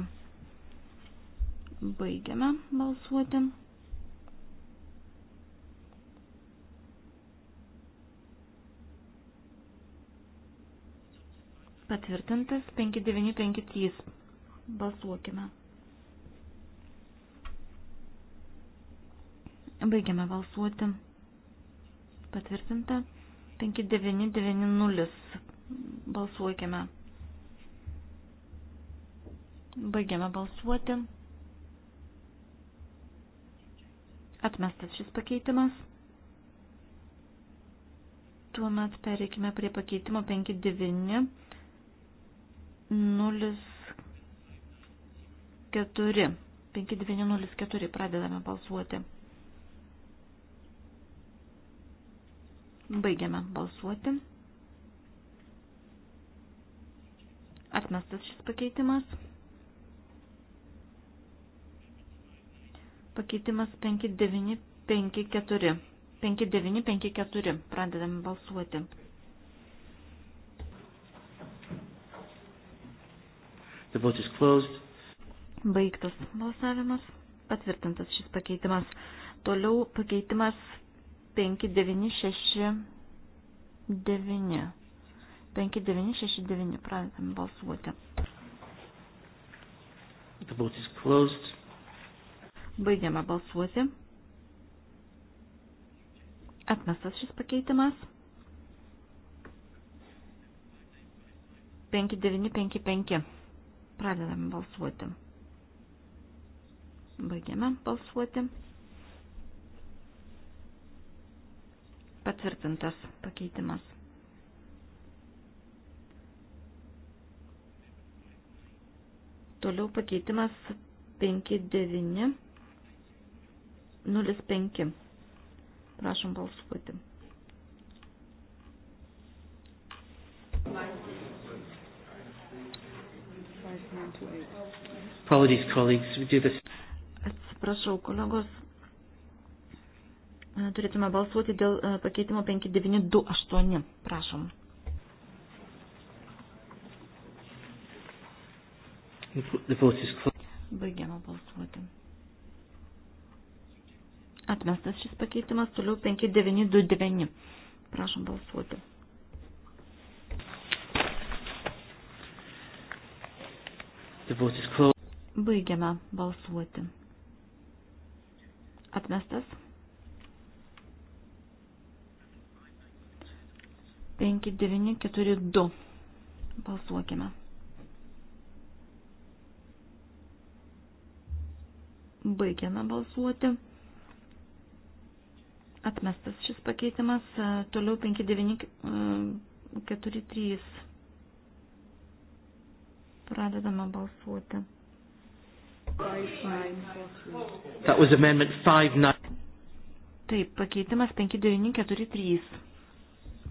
Baigiame balsuoti. Patvirtintas 5953. Balsuokime. Baigiame balsuoti. Patvirtinta. 5990. Balsuokime. Baigiame balsuoti. Atmestas šis pakeitimas. Tuomet pereikime prie pakeitimo 5904. 5904 pradedame balsuoti. Baigiame balsuoti. Atmestas šis pakeitimas. Pakeitimas 5954. 5954. Pradedame balsuoti. The vote is closed. Baigtas balsavimas. Patvirtintas šis pakeitimas. Toliau pakeitimas 5969. 5969 pradedam balsuoti. The vote is closed. Baigiame balsuoti. Atmestas šis pakeitimas. 5955. Pradedame balsuoti. Baigiame balsuoti. Patvirtintas pakeitimas. Toliau pakeitimas 5905. Prašom balsuoti. Apologies, colleagues. We do this. Atsiprašau, kolegos, turėtume balsuoti dėl pakeitimo 5928. Prašom. Baigiama balsuoti. Atmestas šis pakeitimas, toliau 5929. Prašom balsuoti. Baigiame balsuoti. Atmestas. 5942. Balsuokime. Baigiame balsuoti. Atmestas šis pakeitimas. Toliau 5943. Pradedame balsuoti. That was amendment 59. Taip, pakeitimas 5943.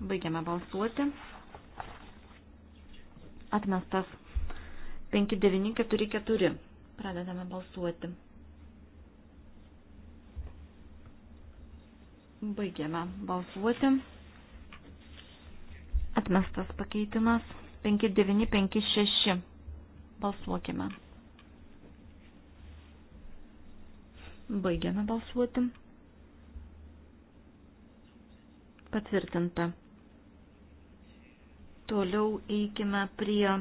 Baigiame balsuoti. Atmestas 5944. Pradedame balsuoti. Baigiame balsuoti. Atmestas pakeitimas 5956. Balsuokime. Baigiame balsuoti. Patvirtinta. Toliau eikime prie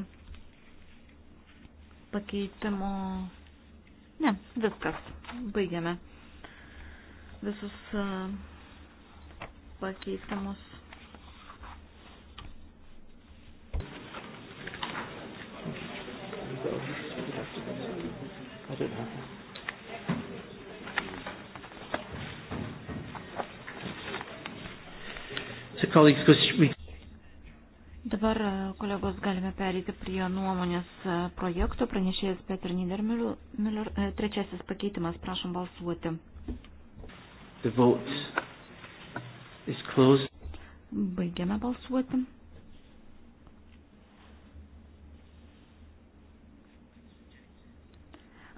pakeitimo. Ne, viskas. Baigiame. Visus e, pakeitimus. I don't know. colleagues because we Dabar, e, kolegos, galime perėti prie nuomonės e, projekto. Pranešėjas Petr Niedermiller, e, trečiasis pakeitimas, prašom balsuoti. Baigiame balsuoti.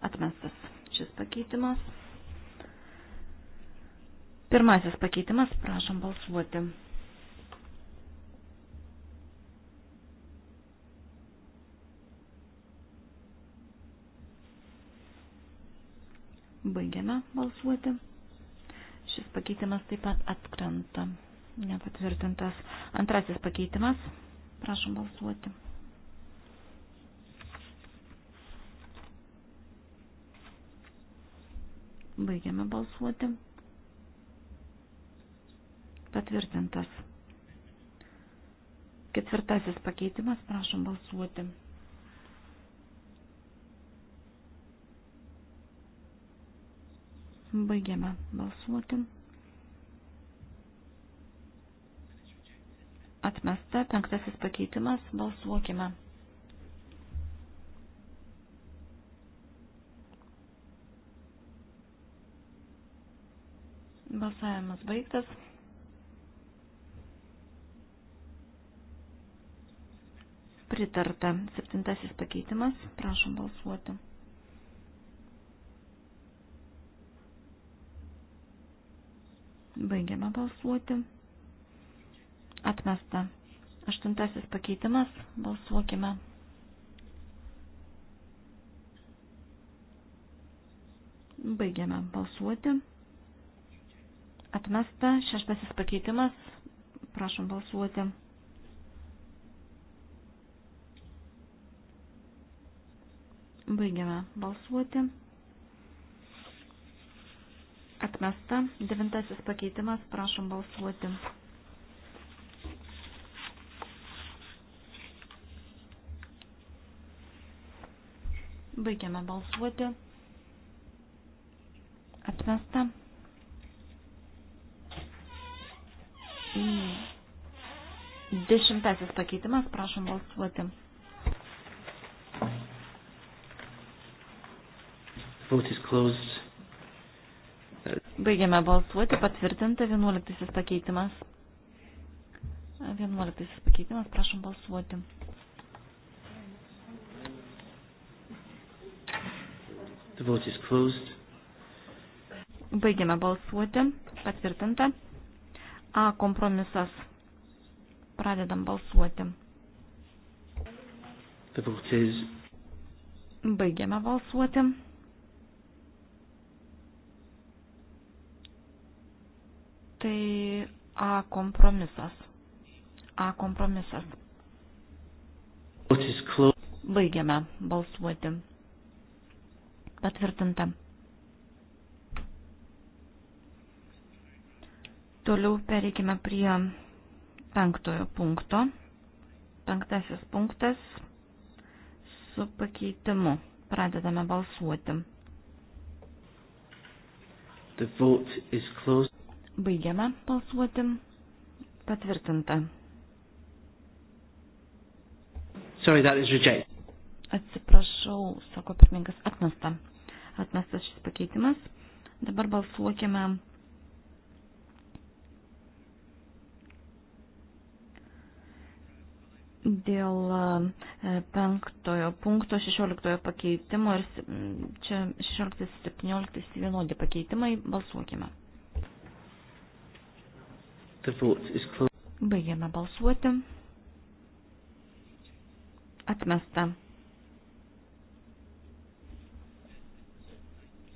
Atmestas šis pakeitimas. Pirmasis pakeitimas, prašom balsuoti. Baigiame balsuoti. Šis pakeitimas taip pat atkrenta. Nepatvirtintas. Antrasis pakeitimas. Prašom balsuoti. Baigiame balsuoti. Patvirtintas. Ketvirtasis pakeitimas. Prašom balsuoti. Baigiame balsuoti. Atmesta penktasis pakeitimas. Balsuokime. Balsavimas baigtas. Pritarta. Septintasis pakeitimas. Prašom balsuoti. Baigiame balsuoti. Atmesta. Aštuntasis pakeitimas. Balsuokime. Baigiame balsuoti. Atmesta. Šeštasis pakeitimas. Prašom balsuoti. Baigiame balsuoti Atmesta. Devintasis pakeitimas. Prašom balsuoti. Baigiame balsuoti. Atmesta. Dešimtasis pakeitimas, prašom balsuoti. Vote is closed. Baigiame balsuoti, patvirtinta 11 pakeitimas. 11 pakeitimas, prašom balsuoti. The vote is closed. Baigiame balsuoti, patvirtinta. A kompromisas. Pradedam balsuoti. The vote is. Baigiame balsuoti tai A kompromisas. A kompromisas. Baigiame balsuoti. Patvirtinta. Toliau pereikime prie penktojo punkto. Penktasis punktas su pakeitimu. Pradedame balsuoti. The vote is closed. Baigiame balsuoti. Patvirtinta. Sorry, that is reject. Atsiprašau, sako pirmininkas, atmesta. Atmestas šis pakeitimas. Dabar balsuokime. Dėl e, penktojo punkto 16 pakeitimo ir čia 16, 17, 11 pakeitimai balsuokime. Baigiame balsuoti. Atmesta.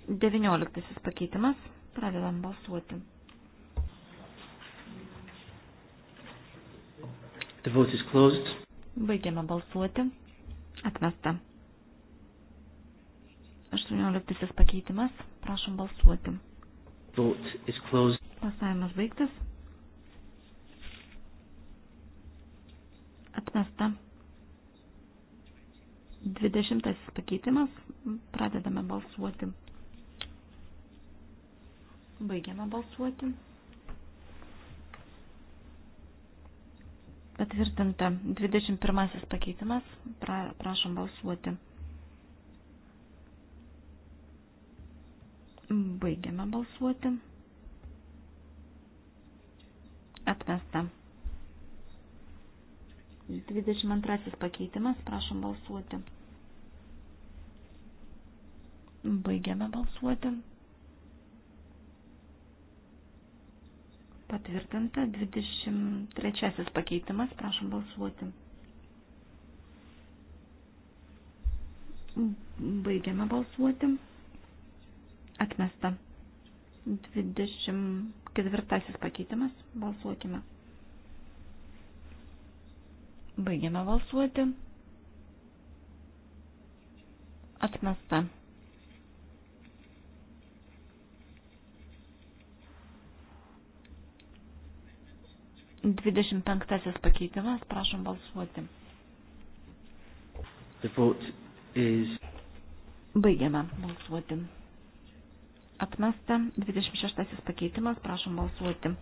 19 pakeitimas. Pradedam balsuoti. The vote is closed. Baigiame balsuoti. Atmesta. 18 pakeitimas. Prašom balsuoti. Vote is closed. Balsavimas baigtas. Atmesta. 20 pakeitimas. Pradedame balsuoti. Baigiame balsuoti. Patvirtinta 21 pakeitimas. Pra, prašom balsuoti. Baigiame balsuoti. Atmesta. 22 pakeitimas, prašom balsuoti. Baigiame balsuoti. Patvirtinta 23 pakeitimas, prašom balsuoti. Baigiame balsuoti. Atmesta. 24 pakeitimas. Balsuokime. Baigiame balsuoti. Atmesta. Dvidešimt penktasis pakeitimas, prašom balsuoti. Is... Baigiame balsuoti. Atmesta. Dvidešimt šeštasis pakeitimas, prašom balsuoti.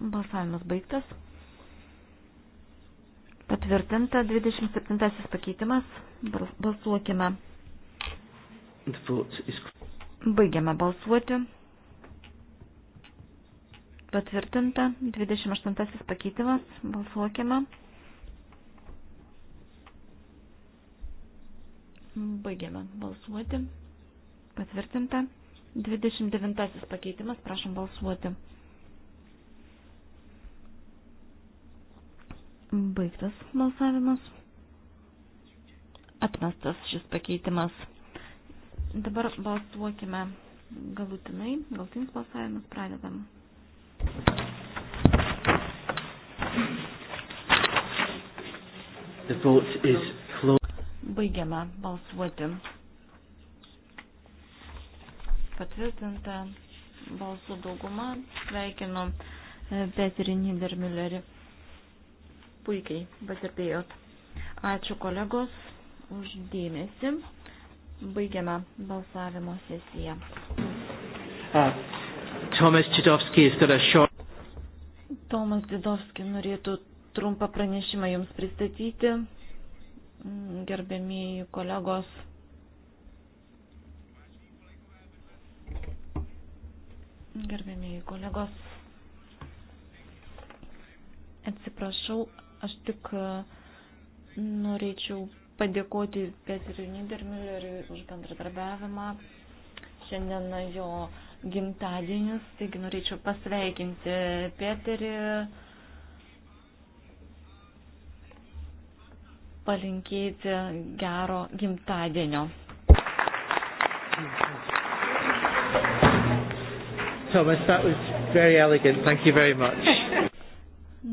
Balsavimas baigtas. Patvirtinta 27 pakeitimas. Balsuokime. Baigiame balsuoti. Patvirtinta 28 pakeitimas. Balsuokime. Baigiame balsuoti. Patvirtinta 29 pakeitimas. Prašom balsuoti. Baigtas balsavimas. Atmestas šis pakeitimas. Dabar balsuokime galutinai. Galutinis balsavimas pradedam. Baigiame balsuoti. Patvirtinta balsų dauguma. Sveikinu e, Petrį Nidermüllerį puikiai padirbėjot. Ačiū kolegos už dėmesį. Baigiame balsavimo sesiją. Uh, Tomas Didovski norėtų trumpą pranešimą Jums pristatyti. Mm, Gerbėmiai kolegos. Gerbėmiai kolegos. Atsiprašau, Aš tik e, norėčiau padėkoti Peteriui Niedermülleriui už bendradarbiavimą. Šiandien jo gimtadienis, taigi norėčiau pasveikinti Peterį, palinkėti gero gimtadienio. Thomas, that was very elegant. Thank you very much.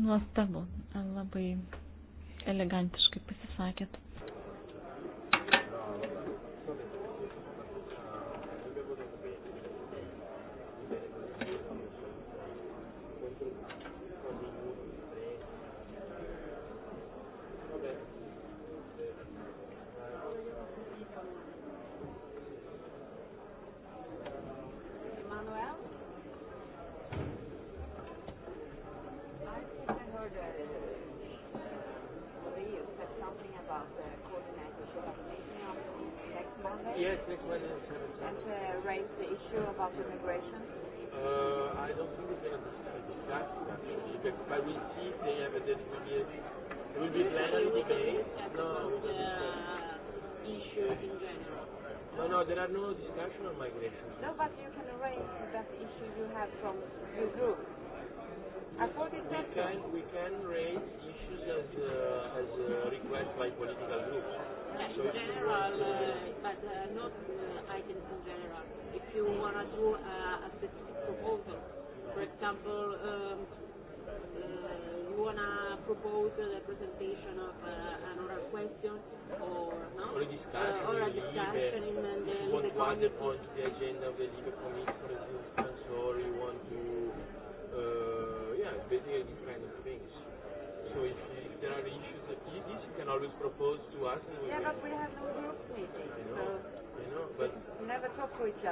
Nuostabu, labai elegantiškai pasisakėt.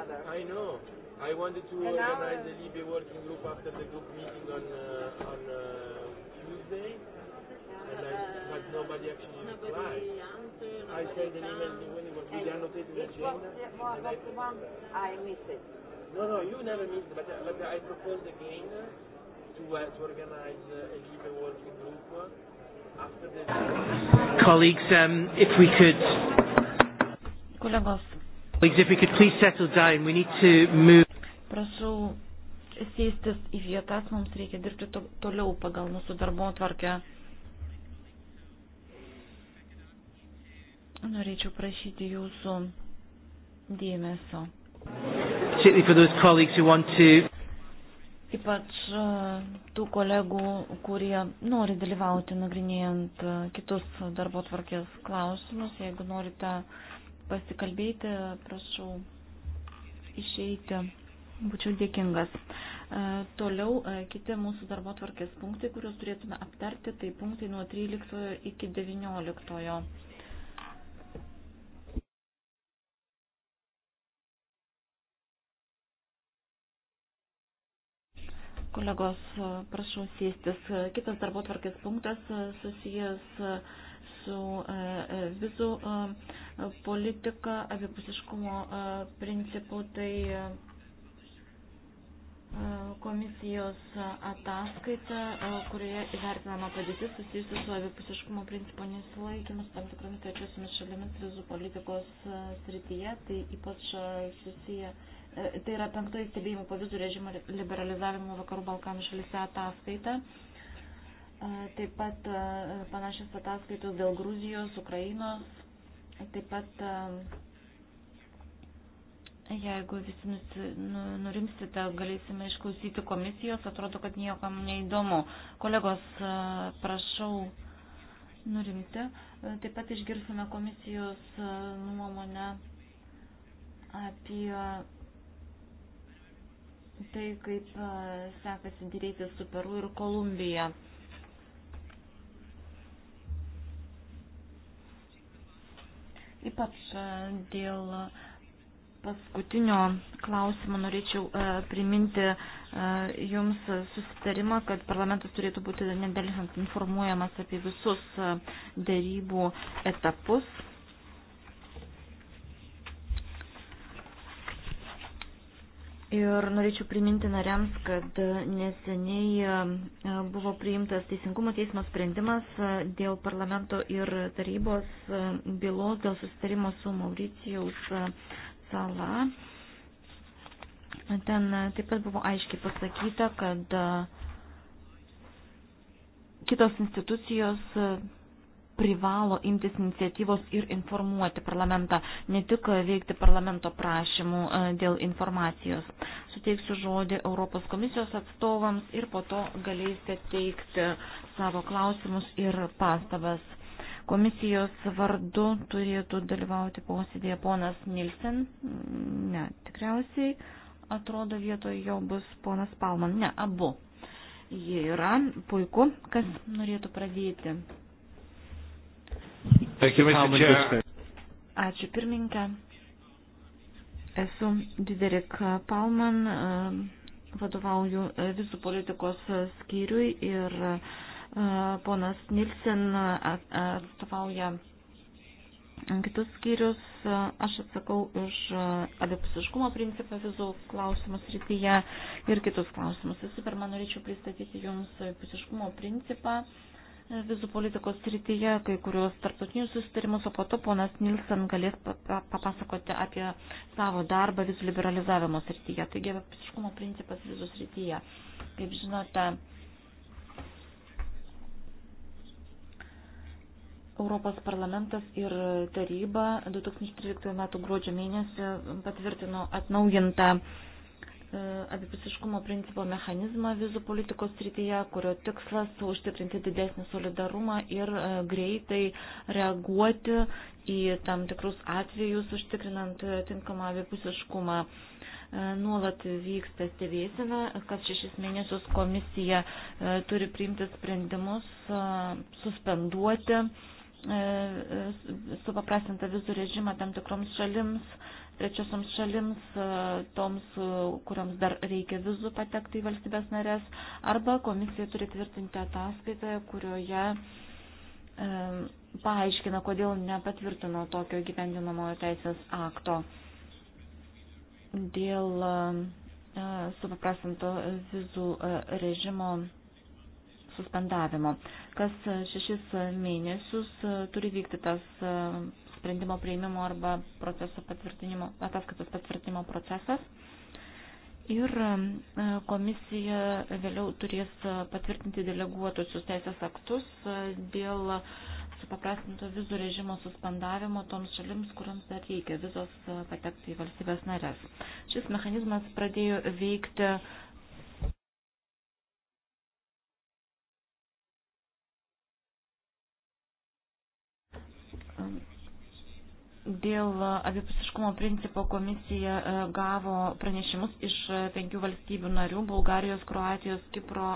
other. I know. I wanted to and organize now, the Libya working group after the group meeting on uh, on uh, Tuesday, yeah, and I, uh, but nobody actually nobody replied. Answered, nobody I sent an email to when it was really annotated it agenda. Was, yeah, well, and that's I, one I missed it. No, no, you never missed it, but, uh, but I proposed again to, uh, to organize uh, a Libya working group after the... Colleagues, um, if we could... Kolegos, Prašau sėstis į vietas, mums reikia dirbti to, toliau pagal mūsų darbo tvarkę. Norėčiau prašyti jūsų dėmesio. Ypač uh, tų kolegų, kurie nori dalyvauti nagrinėjant uh, kitus darbo tvarkės klausimus, jeigu norite uh, pasikalbėti, prašau išeiti. Būčiau dėkingas. E, toliau e, kiti mūsų darbo tvarkės punktai, kuriuos turėtume aptarti, tai punktai nuo 13 iki 19. Kolegos, e, prašau sėstis. Kitas darbo tvarkės punktas susijęs su vizų politiką, abipusiškumo e, principų, tai e, e, komisijos ataskaita, kurioje įvertinama padėtis susijusi su abipusiškumo principo nesilaikymus tam tikromis trečiosiomis šalimis vizų politikos srityje, tai ypač susiję, tai yra penktoji stebėjimų po vizų režimo liberalizavimo vakarų Balkanų šalyse ataskaita. Taip pat panašios ataskaitos dėl Gruzijos, Ukrainos, Taip pat, e, jeigu visi nusi, nu, nurimsite, galėsime išklausyti komisijos, atrodo, kad niekam neįdomu. Kolegos, e, prašau nurimti. E, taip pat išgirsime komisijos nuomonę apie tai, kaip sekasi dėrėti su Peru ir Kolumbija. Ypač e, dėl paskutinio klausimo norėčiau e, priminti e, Jums susitarimą, kad parlamentas turėtų būti nedėlisant informuojamas apie visus dėrybų etapus Ir norėčiau priminti nariams, kad neseniai e, buvo priimtas Teisingumo teismo sprendimas e, dėl parlamento ir tarybos e, bylos dėl susitarimo su Mauricijaus sala. Ten taip pat buvo aiškiai pasakyta, kad kitos institucijos privalo imtis iniciatyvos ir informuoti parlamentą, ne tik veikti parlamento prašymų e, dėl informacijos. Suteiksiu žodį Europos komisijos atstovams ir po to galėsite teikti savo klausimus ir pastabas. Komisijos vardu turėtų dalyvauti posėdėje ponas Nilsen. Ne, tikriausiai atrodo vietoje jo bus ponas Palman. Ne, abu. Jie yra puiku, kas norėtų pradėti. Ačiū pirmininkė. Esu Diderik Palman, e, vadovauju visų politikos skyriui ir e, ponas Nilsen atstovauja kitus skyrius. Aš atsakau už e, abipusiškumo principą vizų klausimus rytyje ir kitus klausimus. Visų pirma, norėčiau pristatyti Jums abipusiškumo principą. Uh, vizų politikos srityje, kai kurios tarptautinius susitarimus, o po to ponas Nilsen galės papasakoti apie savo darbą vizų liberalizavimo srityje. Taigi, visiškumo principas vizų srityje. Kaip žinote, Europos parlamentas ir taryba 2013 m. gruodžio mėnesį patvirtino atnaujintą E, abipusiškumo principo mechanizmą vizų politikos srityje, kurio tikslas užtikrinti didesnį solidarumą ir e, greitai reaguoti į tam tikrus atvejus, užtikrinant e, tinkamą abipusiškumą. Nuolat vyksta stebėsime, kas šešis mėnesius komisija turi priimti sprendimus, suspenduoti supaprastintą vizų režimą tam tikroms šalims trečiosiams šalims, e, toms, e, kuriams dar reikia vizų patekti į valstybės narės, arba komisija turi tvirtinti ataskaitą, kurioje e, paaiškina, kodėl nepatvirtino tokio gyvendinamojo teisės akto dėl e, supaprastinto vizų e, režimo suspendavimo. Kas šešis mėnesius turi vykti tas sprendimo prieimimo arba proceso patvirtinimo, ataskaitos patvirtinimo procesas. Ir e, komisija vėliau turės patvirtinti deleguotusius teisės aktus e, dėl supaprastinto vizų režimo suspendavimo toms šalims, kuriams dar reikia vizos patekti į valstybės narės. Šis mechanizmas pradėjo veikti Dėl e, abipusiškumo principo komisija e, gavo pranešimus iš e, penkių valstybių narių - Bulgarijos, Kroatijos, Kipro,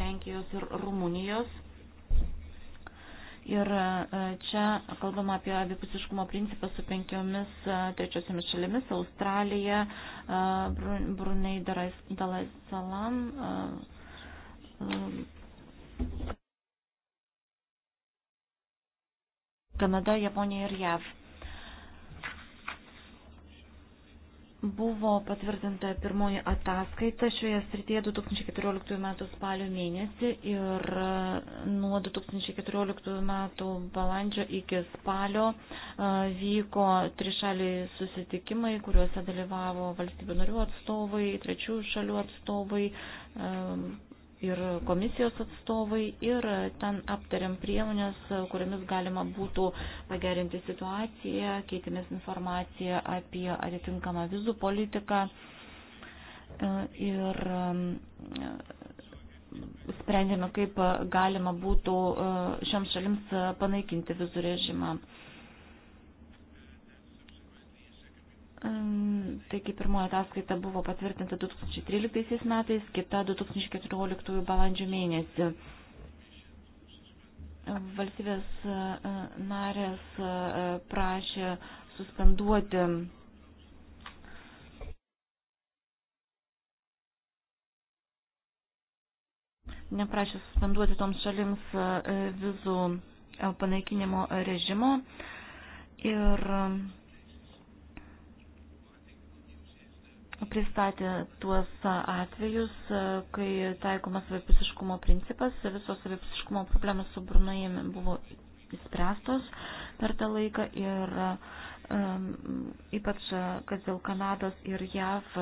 Lenkijos ir Rumunijos. Ir čia kalbama apie abipusiškumo principą su penkiomis trečiosiamis šalimis - Australija, Brunei Dalai Salam, Kanada, Japonija ir JAV. buvo patvirtinta pirmoji ataskaita šioje srityje 2014 m. spalio mėnesį ir e, nuo 2014 m. balandžio iki spalio e, vyko trišaliai susitikimai, kuriuose dalyvavo valstybių narių atstovai, trečių šalių atstovai, e, ir komisijos atstovai ir ten aptariam priemonės, kuriamis galima būtų pagerinti situaciją, keitėmės informaciją apie atitinkamą vizų politiką ir um, sprendėme, kaip galima būtų uh, šiams šalims panaikinti vizų režimą. Taigi pirmoji ataskaita buvo patvirtinta 2013 metais, kita 2014 balandžio mėnesį. Valstybės e, narės e, prašė suspenduoti neprašė suspenduoti toms šalims e, vizų panaikinimo režimo ir pristatė tuos atvejus, e, kai taikomas abipusiškumo principas, visos abipusiškumo problemos su Brunojimi buvo įspręstos per tą laiką ir um, ypač, e, kad dėl Kanados ir JAV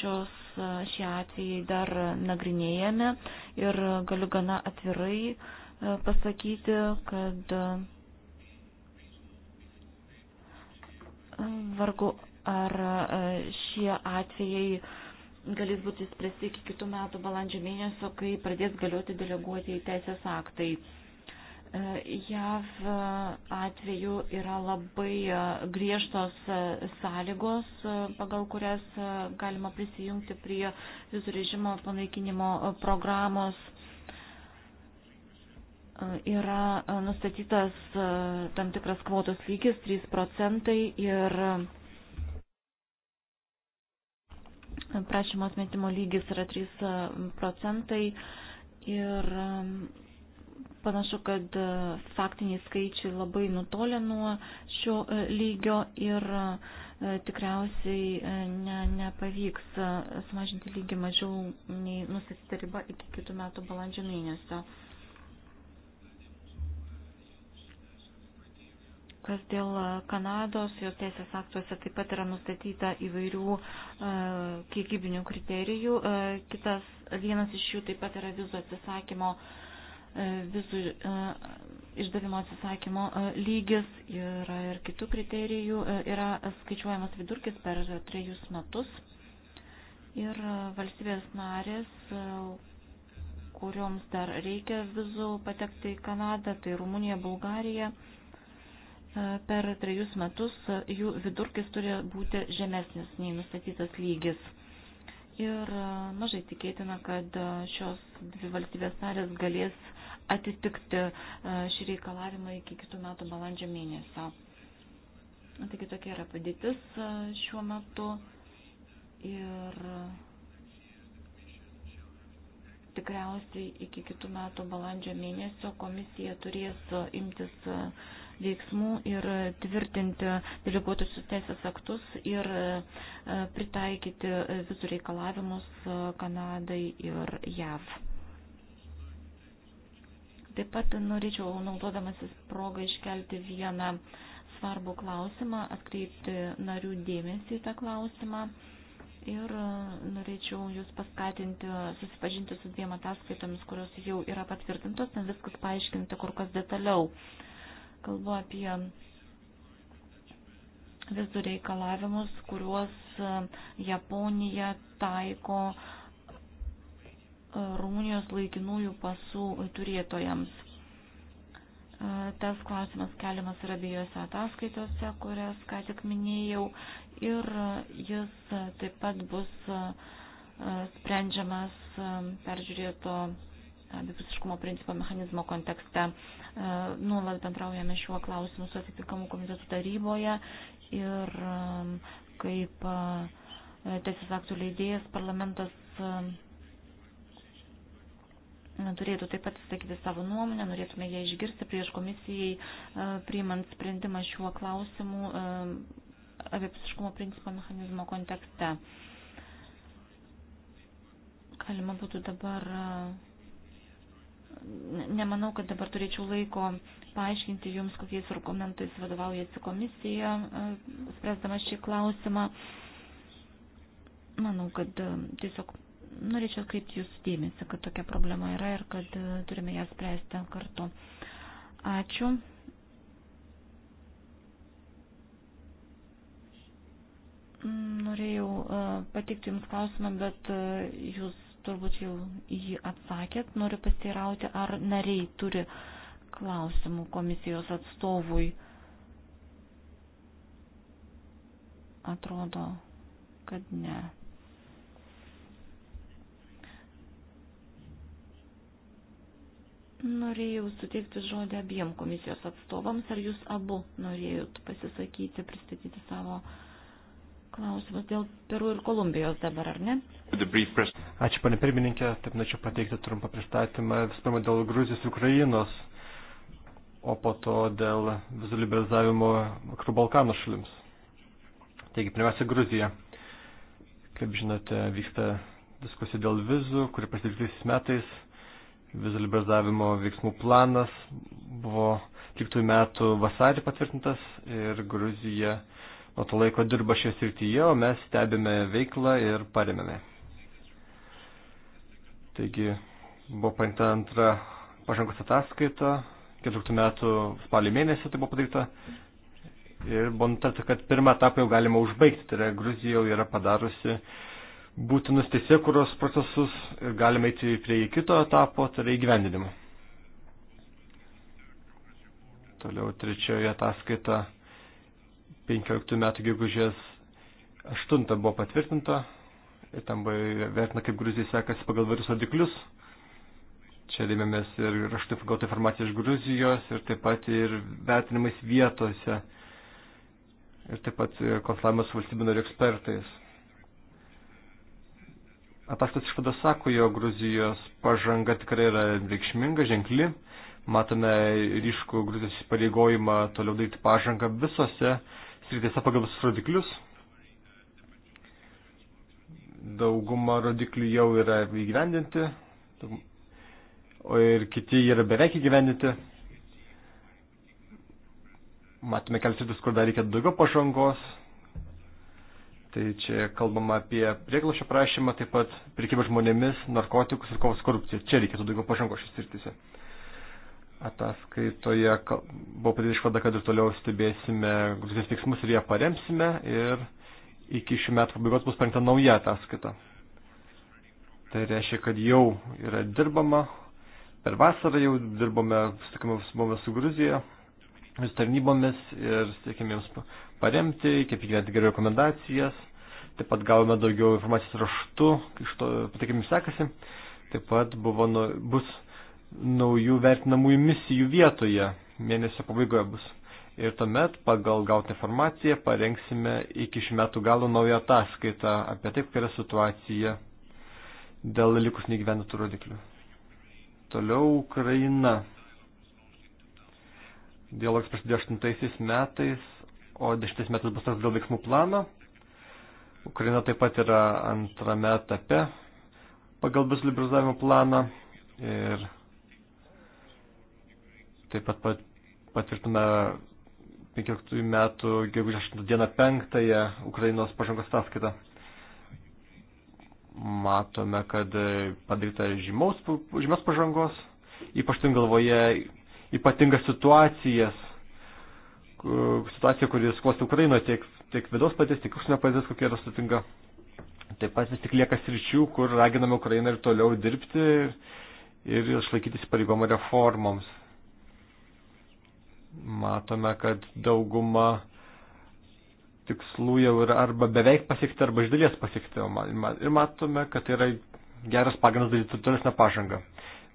šios šie atvejai dar nagrinėjami ir galiu gana atvirai pasakyti, kad vargu ar e, šie atvejai galės būti spręsti iki kitų metų balandžio mėnesio, kai pradės galioti deleguoti į teisės aktai. E, JAV e, atveju yra labai griežtos sąlygos, pagal kurias galima prisijungti prie vizų režimo panaikinimo programos. Yra nustatytas tam tikras kvotos lygis 3 procentai ir prašymo atmetimo lygis yra 3 e, procentai ir e, panašu, kad e, faktiniai skaičiai labai nutolė nuo šio lygio ir tikriausiai ne, nepavyks sumažinti lygį mažiau nei nustatyta riba iki kitų metų balandžio mėnesio. Kas dėl e, Kanados, jos teisės aktuose taip pat yra nustatyta įvairių e, kiekybinių kriterijų. E, kitas, vienas iš jų taip pat yra vizų atsisakymo, vizų išdavimo atsisakymo lygis, yra ir kitų kriterijų, yra skaičiuojamas vidurkis per trejus metus. Ir valstybės narės, kurioms dar reikia vizų patekti į Kanadą, tai Rumunija, Bulgarija per trejus metus jų vidurkis turi būti žemesnis nei nustatytas lygis. Ir e, mažai tikėtina, kad e, šios dvi valstybės narės galės atitikti e, šį reikalavimą iki kitų metų balandžio mėnesio. Taigi tokia yra padėtis šiuo metu ir tikriausiai iki kitų metų balandžio mėnesio komisija turės imtis uh, veiksmų ir tvirtinti deleguotusius teisės aktus ir e, pritaikyti vizų reikalavimus e, Kanadai ir JAV. Taip pat norėčiau, naudodamasis progą, iškelti vieną svarbų klausimą, atkreipti narių dėmesį į tą klausimą ir e, norėčiau Jūs paskatinti susipažinti su dviem ataskaitomis, kurios jau yra patvirtintos, ten viskas paaiškinti kur kas detaliau. Kalbu apie vizų reikalavimus, kuriuos e, Japonija taiko e, Rumunijos laikinųjų pasų turėtojams. E, tas klausimas keliamas yra abiejose ataskaitose, kurias ką tik minėjau, ir jis taip pat bus sprendžiamas peržiūrėto abipusiškumo principo mechanizmo kontekste. E, nuolat bendraujame šiuo klausimu su atitinkamu komitetu taryboje ir um, kaip e, teisės aktų leidėjas parlamentas um, turėtų taip pat sakyti savo nuomonę, norėtume ją išgirsti prieš komisijai e, priimant sprendimą šiuo klausimu abipusiškumo principo mechanizmo kontekste. Galima būtų dabar nemanau, kad dabar turėčiau laiko paaiškinti Jums, kokiais argumentais vadovaujasi komisija, e, spręsdama šį klausimą. Manau, kad e, tiesiog norėčiau kreipti Jūsų dėmesį, kad tokia problema yra ir kad e, turime ją spręsti kartu. Ačiū. Norėjau patikti Jums klausimą, bet Jūs turbūt jau jį atsakėt. Noriu pasirauti, ar nariai turi klausimų komisijos atstovui. Atrodo, kad ne. Norėjau suteikti žodį abiem komisijos atstovams, ar jūs abu norėjot pasisakyti, pristatyti savo uh, klausimas dėl Peru ir Kolumbijos dabar, ar ne? Ačiū, pane pirmininkė, taip norėčiau pateikti trumpą pristatymą. Visų pirma, dėl Gruzijos ir Ukrainos, o po to dėl vizų liberalizavimo Vakarų Balkanų šalims. Taigi, pirmiausia, Gruzija. Kaip žinote, vyksta diskusija dėl vizų, kuri pasitiktais metais vizų liberalizavimo veiksmų planas buvo 13 metų vasarį patvirtintas ir Gruzija nuo to laiko dirba šioje srityje, o mes stebime veiklą ir paremėme. Taigi buvo paimta antra pažangos ataskaita, 14 metų spalio mėnesį tai buvo padaryta ir buvo nutarta, kad pirmą etapą jau galima užbaigti, tai yra Gruzija jau yra padarusi būtinus teisėkuros procesus ir galima eiti prie kito etapo, tai yra įgyvendinimo. Toliau trečioje ataskaita 15 metų gegužės 8 buvo patvirtinta ir tam buvo vertina, kaip Gruzijai sekasi pagal varius rodiklius. Čia dėmėmės ir raštų gautą informaciją iš Gruzijos ir taip pat ir vertinimais vietose ir taip pat konsultavimas su valstybių narių ekspertais. Ataskaitos išvados sako, jo Gruzijos pažanga tikrai yra reikšminga, ženkli. Matome ryškų Gruzijos įsipareigojimą toliau daryti pažangą visose srityse pagal visus rodiklius. Dauguma rodiklių jau yra įgyvendinti, o ir kiti yra beveik įgyvendinti. Matome kelias kur dar reikia daugiau pažangos. Tai čia kalbama apie prieglašio prašymą, taip pat prikybę žmonėmis, narkotikus ir kovos korupciją. Čia reikėtų daugiau pažangos šis srityse ataskaitoje buvo padaryta išvada, kad ir toliau stebėsime Gruzijos veiksmus ir ją paremsime ir iki šių metų pabaigos bus parengta nauja ataskaita. Tai reiškia, kad jau yra dirbama, per vasarą jau dirbome, sutikome su Gruzija, su tarnybomis ir siekėme jums paremti, kaip įgyventi gerų rekomendacijas, taip pat gavome daugiau informacijos raštu, iš to patikėm sekasi, taip pat buvo, nu, bus naujų vertinamųjų misijų vietoje mėnesio pabaigoje bus. Ir tuomet pagal gautą informaciją parengsime iki šių metų galo naują ataskaitą apie taip, kokia yra situacija dėl likus negyvenatų rodiklių. Toliau Ukraina. Dialogas prasidėjo 8 metais, o 10 metais bus tas dėl veiksmų plano. Ukraina taip pat yra antrame etape pagal bus liberalizavimo planą ir taip pat patvirtina 15 metų gegužės 8 dieną 5 Ukrainos pažangos ataskaitą. Matome, kad padaryta žymaus, žymios pažangos, ypač turim galvoje ypatingas situacijas, situacija, kuris klosti Ukrainoje tiek, tiek vidaus patys, tiek užsienio patys, kokia yra sutinga. Taip pat vis tik lieka sričių, kur raginame Ukrainą ir toliau dirbti ir išlaikyti įsipareigomą reformoms matome, kad dauguma tikslų jau yra arba beveik pasiekti, arba iš dalies pasiekti. Ir matome, kad tai yra geras pagrindas daryti tolesnę pažangą.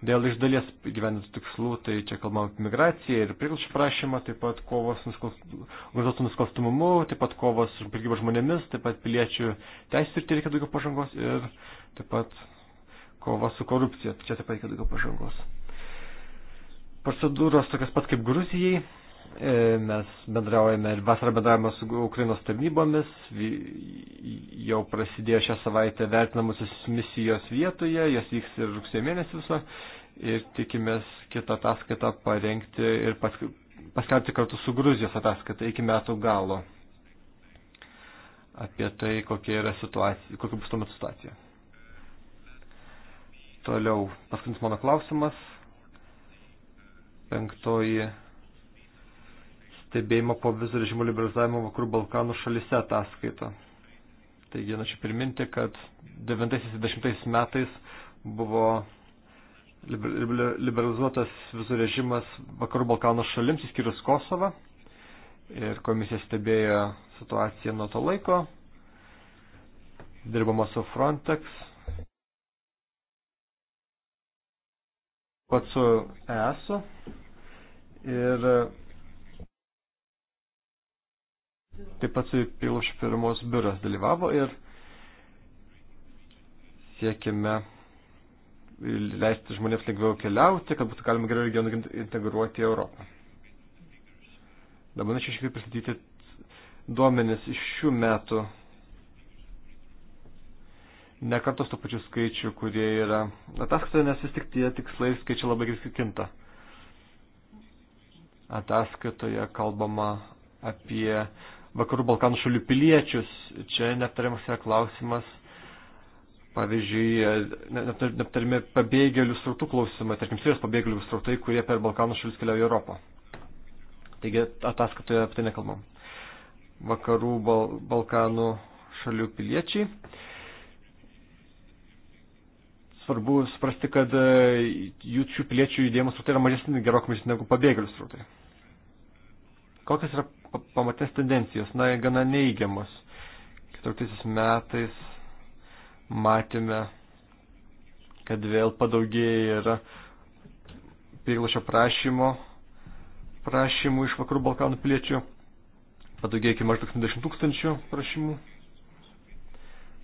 Dėl iš dalies gyvenintų tikslų, tai čia kalbam apie migraciją ir prieglobščio prašymą, taip pat kovos organizuotų nusikalstumumu, taip pat kovos už prekybą žmonėmis, taip pat piliečių teisų ir tai reikia daugiau pažangos ir taip pat kova su korupcija, čia taip pat reikia daugiau pažangos procedūros tokias pat kaip Gruzijai. E, mes bendraujame ir vasarą bendravome su Ukrainos tarnybomis. Jau prasidėjo šią savaitę vertinamusios misijos vietoje, jos vyks ir rugsėjo mėnesį viso. Ir tikimės kitą ataskaitą parengti ir paskelbti kartu su Gruzijos ataskaita iki metų galo apie tai, kokia yra situacija, kokia bus tuomet situacija. Toliau, paskutinis mano klausimas. Penktoji stebėjimo po vizų režimo liberalizavimo vakarų Balkanų šalise ataskaita. Taigi, norėčiau priminti, kad 90 metais buvo liberalizuotas vizų režimas vakarų Balkanų šalims, įskyrus Kosovą. Ir komisija stebėjo situaciją nuo to laiko. Dirbama su Frontex pats su ESO ir taip pat su Pilš firmos biuras dalyvavo ir siekime leisti žmonėms lengviau keliauti, kad būtų galima geriau regionų integruoti į Europą. Dabar norėčiau šiek tiek pristatyti duomenis iš šių metų nekartos tų pačių skaičių, kurie yra ataskaitoje, nes vis tik tie tikslai skaičiai labai greitai kinta. Ataskaitoje kalbama apie vakarų Balkanų šalių piliečius. Čia neaptariamas yra klausimas, pavyzdžiui, neaptarimi pabėgėlių srautų klausimai, tarkim, Sirijos pabėgėlių srautai, kurie per Balkanų šalis keliauja į Europą. Taigi ataskatoje apie tai nekalbam. Vakarų Bal Balkanų šalių piliečiai svarbu suprasti, kad e, jų šių piliečių judėjimas srautai yra mažesni, gerokai mažesni negu pabėgėlių srautai. Kokios yra pamatės tendencijos? Na, gana neįgiamos. 14 metais matėme, kad vėl padaugėja yra prieglašio prašymo, prašymų iš vakarų Balkanų piliečių. Padaugėjo iki maždaug 20 tūkstančių prašymų.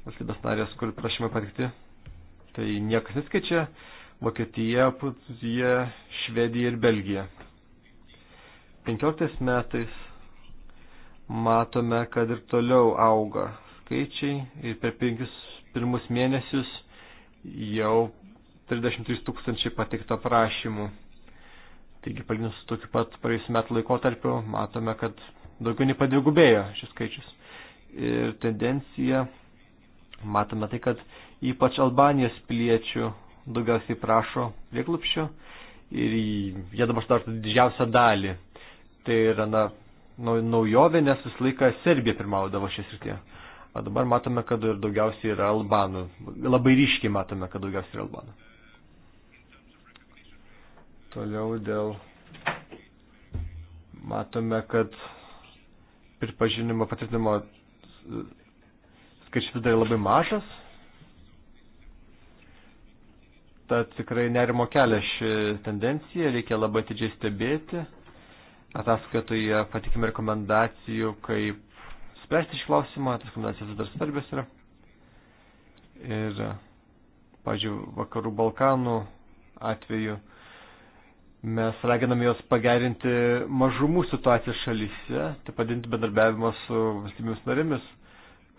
Valstybės narės, kur prašymai patikti, Tai niekas neskaičia Vokietija, Prancūzija, Švedija ir Belgija. 15 metais matome, kad ir toliau auga skaičiai ir per penkius pirmus mėnesius jau 33 tūkstančiai patikto prašymų. Taigi, palyginus su tokiu pat praėjusiu metu laikotarpiu, matome, kad daugiau nei padvigubėjo šis skaičius. Ir tendencija, matome tai, kad ypač Albanijos piliečių daugiausiai prašo prieklupščių ir jie dabar startų didžiausią dalį. Tai yra na, naujovė, nes visą laiką Serbija pirmaudavo šią srityje. O dabar matome, kad ir daugiausiai yra albanų. Labai ryškiai matome, kad daugiausiai yra albanų. Toliau dėl... Matome, kad pripažinimo patvirtinimo skaičius vis dar labai mažas. Tad tikrai nerimo kelia ši tendencija, reikia labai atidžiai stebėti. Ataskaitoje patikime rekomendacijų, kaip spręsti šį klausimą, tas rekomendacijos dar svarbios yra. Ir, pažiūrėjau, vakarų Balkanų atveju mes raginame jos pagerinti mažumų situaciją šalyse, tai padinti bendarbiavimą su valstybėmis narėmis,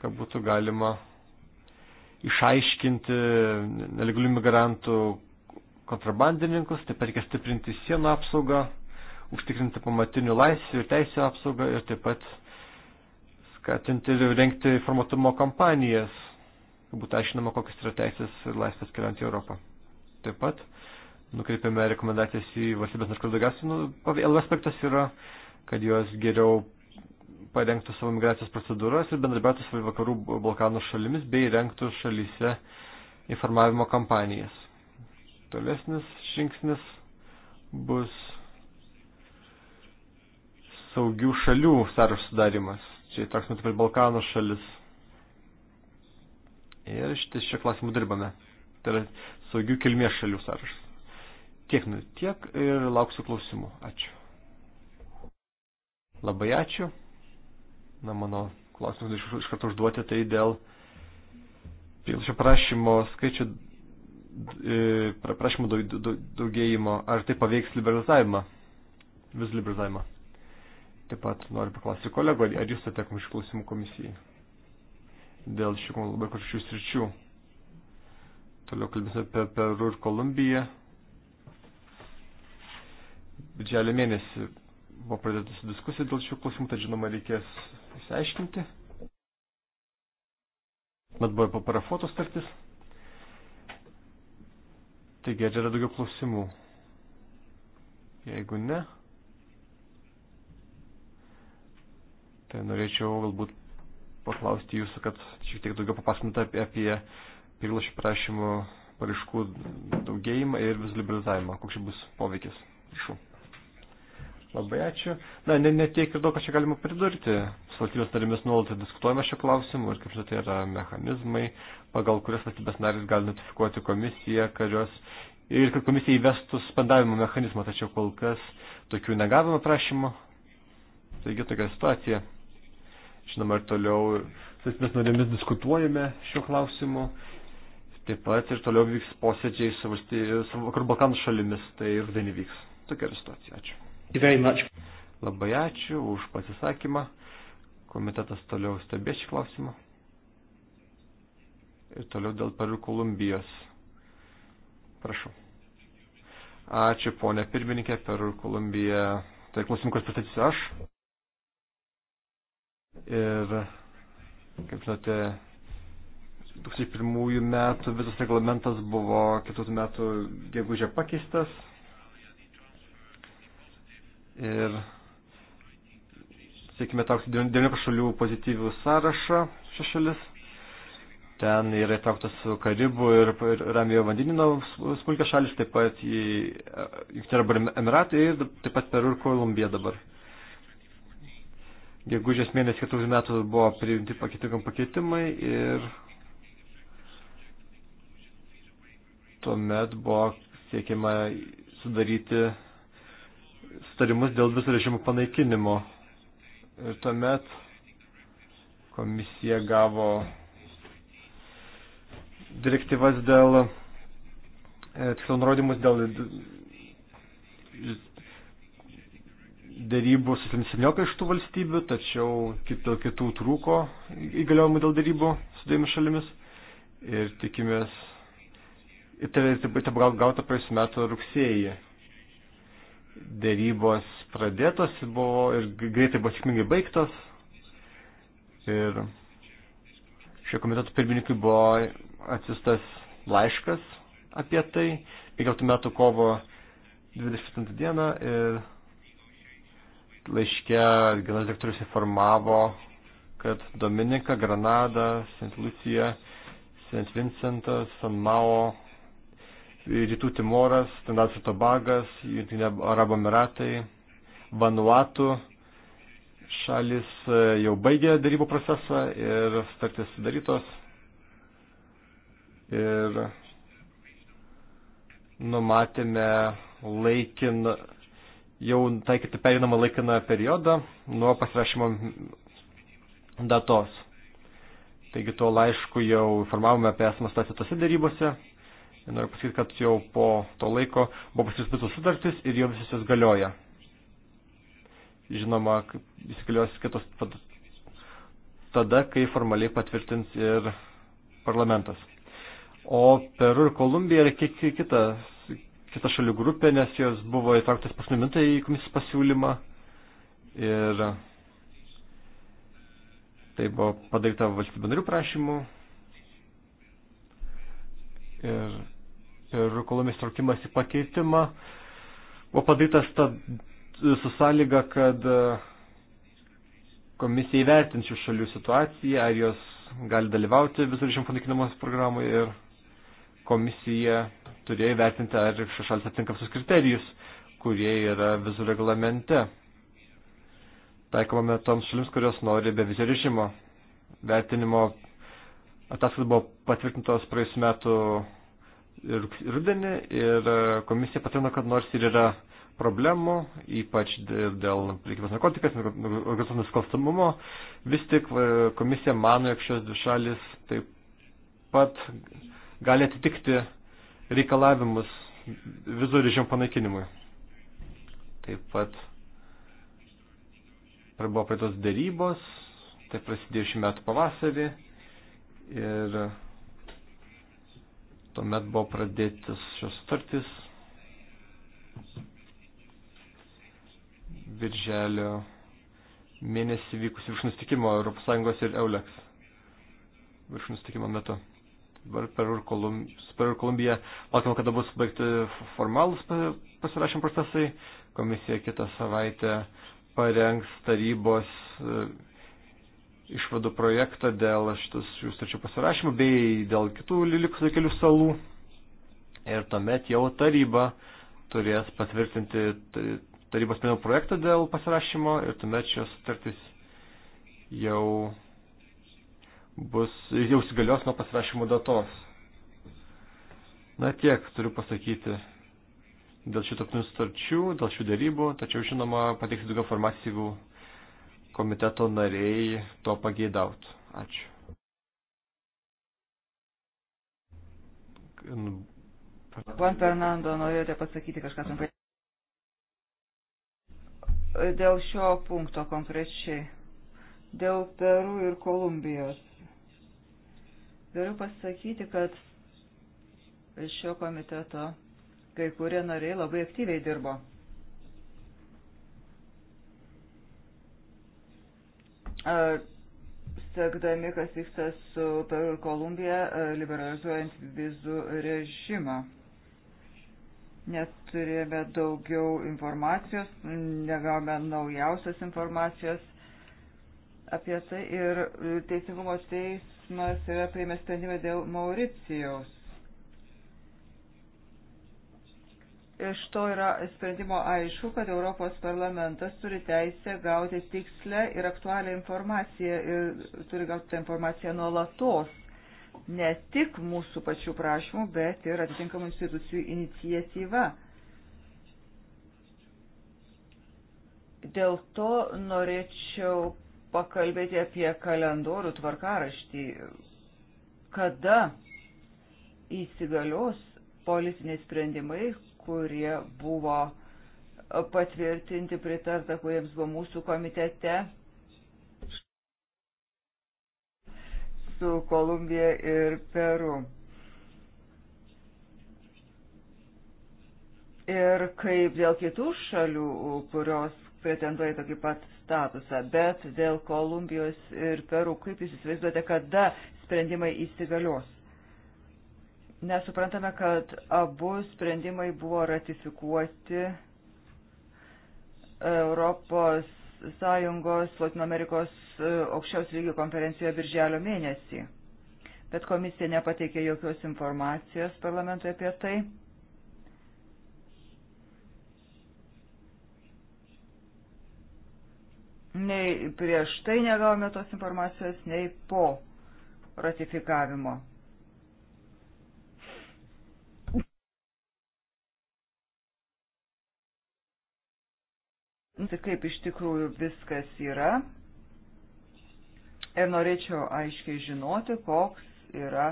kad būtų galima išaiškinti nelegalių migrantų kontrabandininkus, taip pat reikia stiprinti sienų apsaugą, užtikrinti pamatinių laisvių ir teisų apsaugą ir taip pat skatinti ir rengti informatumo kampanijas, kad būtų aišinama, kokios yra teisės ir laisvės keliant į Europą. Taip pat nukreipiame rekomendacijas į valstybės narės, kur daugiausiai nu, LV aspektas yra, kad jos geriau parengtų savo migracijos procedūras ir bendradarbiautų su vakarų Balkanų šalimis bei rengtų šalyse informavimo kampanijas. Tolesnis žingsnis bus saugių šalių sąrašų sudarimas. Čia toks metu kaip Balkanų šalis. Ir šitis šio klausimų dirbame. Tai yra saugių kilmės šalių sąrašas. Tiek, nu, tiek ir lauksiu klausimų. Ačiū. Labai ačiū. Na, mano klausimus iš karto užduoti, tai dėl pilčio prašymo skaičių e, prašymų daugėjimo, ar tai paveiks liberalizavimą, vis liberalizavimą. Taip pat noriu paklausti kolego, ar jūs atekom iš klausimų komisijai dėl šių labai kurčių sričių. Toliau kalbėsime apie Peru ir Kolumbiją. Birželio mėnesį buvo pradėtas diskusija dėl šių klausimų, tad žinoma reikės pasiaiškinti. Mat buvo paparafotos tartis. Taigi, ar yra daugiau klausimų? Jeigu ne, tai norėčiau galbūt paklausti jūsų, kad šiek tiek daugiau papasakotumėte apie, apie priglašį prašymų paraiškų daugėjimą ir vis liberalizavimą. Koks čia bus poveikis? Prašau. Labai ačiū. Na, ne, netiek ir daug, ką čia galima pridurti. Su valstybės narėmis nuolat diskutuojame šio klausimu ir kaip žinote, yra mechanizmai, pagal kurias valstybės narės gali notifikuoti komisiją, kad jos ir kad komisija įvestų spandavimo mechanizmą, tačiau kol kas tokių negavome prašymų. Taigi tokia situacija. Žinoma, ir toliau su valstybės narėmis diskutuojame šiuo klausimu. Taip pat ir toliau vyks posėdžiai su, valstybės, su Vakarų Balkanų šalimis, tai ir rudenį vyks. Tokia yra situacija. Ačiū. Labai ačiū už pasisakymą. Komitetas toliau stebės šį klausimą. Ir toliau dėl Peru Kolumbijos. Prašau. Ačiū, ponė pirmininkė, Peru Kolumbija. Tai klausim, kas pasakysiu aš. Ir, kaip žinote, 2001 metų visas reglamentas buvo kitų metų gegužė pakeistas ir siekime traukti 9 šalių pozityvių sąrašą šias šalis. Ten yra įtrauktas Karibų ir Ramijo vandenino smulkia šalis, taip pat į Junktinė Arabų Emiratai ir taip pat Peru ir Kolumbija dabar. Gegužės mėnesį 14 metų buvo priimti pakeitimai, pakeitimai ir tuomet buvo siekiama sudaryti starimus dėl visų režimų panaikinimo. Ir tuomet komisija gavo direktyvas dėl, e, tiksliau nurodymus dėl dėrybų su 17 iš tų valstybių, tačiau dėl kitų trūko įgaliojimų dėl dėrybų su dviem šalimis. Ir tikimės, ir tai taip pat gauta praėjusiu metu rugsėjį dėrybos pradėtos buvo ir greitai buvo sėkmingai baigtos. Ir šio komiteto pirmininkui buvo atsistas laiškas apie tai, 15 metų kovo 27 dieną ir laiške generalinis direktorius informavo, kad Dominika, Granada, St. Lucija, St. Vincentas, San Mao, Rytų Timoras, Tendatas ir Tobagas, Jungtinė Arabo Emiratai, Vanuatu šalis e, jau baigė darybų procesą ir startis sudarytos. Ir numatėme laikiną, jau taikyti perinamą laikiną periodą nuo pasirašymo datos. Taigi tuo laišku jau informavome apie esamą situaciją tose darybose Ir noriu pasakyti, kad jau po to laiko buvo pasirašytos sutartys ir jau visos jos galioja. Žinoma, įsigalios kitos tada, kai formaliai patvirtins ir parlamentas. O Peru ir Kolumbija yra kiek kita, kita šalių grupė, nes jos buvo įtrauktas pasnumintai į komisijos pasiūlymą. Ir tai buvo padaryta valstybių narių prašymų. Ir per Kolumbijos traukimas į pakeitimą buvo padarytas ta, su sąlyga, kad komisija įvertinčių šalių situaciją, ar jos gali dalyvauti visur šiam panikinamos programai ir komisija turėjo įvertinti, ar šios šalis atitinka visus kriterijus, kurie yra vizų reglamente. Taikomame toms šalims, kurios nori be vizų režimo. Vertinimo ataskaitos buvo patvirtintos praėjusiu metu rudenį ir komisija patvirtino, kad nors ir yra problemų, ypač dėl prekybos narkotikas, organizuotų nusikalstamumo, vis tik komisija mano, jog šios dvi šalis taip pat gali atitikti reikalavimus vizų režimo panaikinimui. Taip pat buvo praeitos dėrybos, tai prasidėjo šį metų pavasarį ir Tuomet buvo pradėtis šios sutartys Birželio mėnesį vykusi viršūnų sutikimo ES ir EULEX viršūnų sutikimo metu. Dabar Peru ir, Kolum, Peru ir Kolumbija laukiam, kada bus baigti formalus pasirašym procesai. Komisija kitą savaitę parengs tarybos išvadų projektą dėl šitas šių stačių pasirašymų bei dėl kitų likusių kelių salų. Ir tuomet jau taryba turės patvirtinti tarybos sprendimo projektą dėl pasirašymo ir tuomet šios sutartys jau bus, jau įsigalios nuo pasirašymo datos. Na tiek turiu pasakyti dėl šių tarptautinių sutarčių, dėl šių dėrybų, tačiau žinoma pateiksiu daugiau informacijų, jeigu komiteto nariai to pageidautų. Ačiū. Juan Fernando, norėjote pasakyti kažką trumpai? Dėl šio punkto konkrečiai. Dėl Peru ir Kolumbijos. Galiu pasakyti, kad šio komiteto kai kurie nariai labai aktyviai dirbo. sekdami, kas vyksta su Peru ir Kolumbija, liberalizuojant vizų režimą. Neturėjome daugiau informacijos, negavome naujausios informacijos apie tai ir Teisingumo teismas yra priėmęs sprendimą dėl Mauricijaus. Iš to yra sprendimo aišku, kad Europos parlamentas turi teisę gauti tikslę ir aktualią informaciją ir turi gauti tą informaciją nuolatos, ne tik mūsų pačių prašymų, bet ir atitinkamų institucijų inicijatyva. Dėl to norėčiau pakalbėti apie kalendorių tvarkaraštį, kada įsigalios politiniai sprendimai, kurie buvo patvirtinti, pritarta, kuriems buvo mūsų komitete su Kolumbija ir Peru. Ir kaip dėl kitų šalių, kurios pretenduoja tokį pat statusą, bet dėl Kolumbijos ir Peru, kaip jūs įsivaizduojate, kada sprendimai įsigalios? Nes suprantame, kad abu sprendimai buvo ratifikuoti Europos Sąjungos Latino Amerikos e, aukščiaus lygio konferencijoje birželio mėnesį. Bet komisija nepateikė jokios informacijos parlamentui apie tai. Nei prieš tai negavome tos informacijos, nei po ratifikavimo. Nu, tai kaip iš tikrųjų viskas yra. Ir norėčiau aiškiai žinoti, koks yra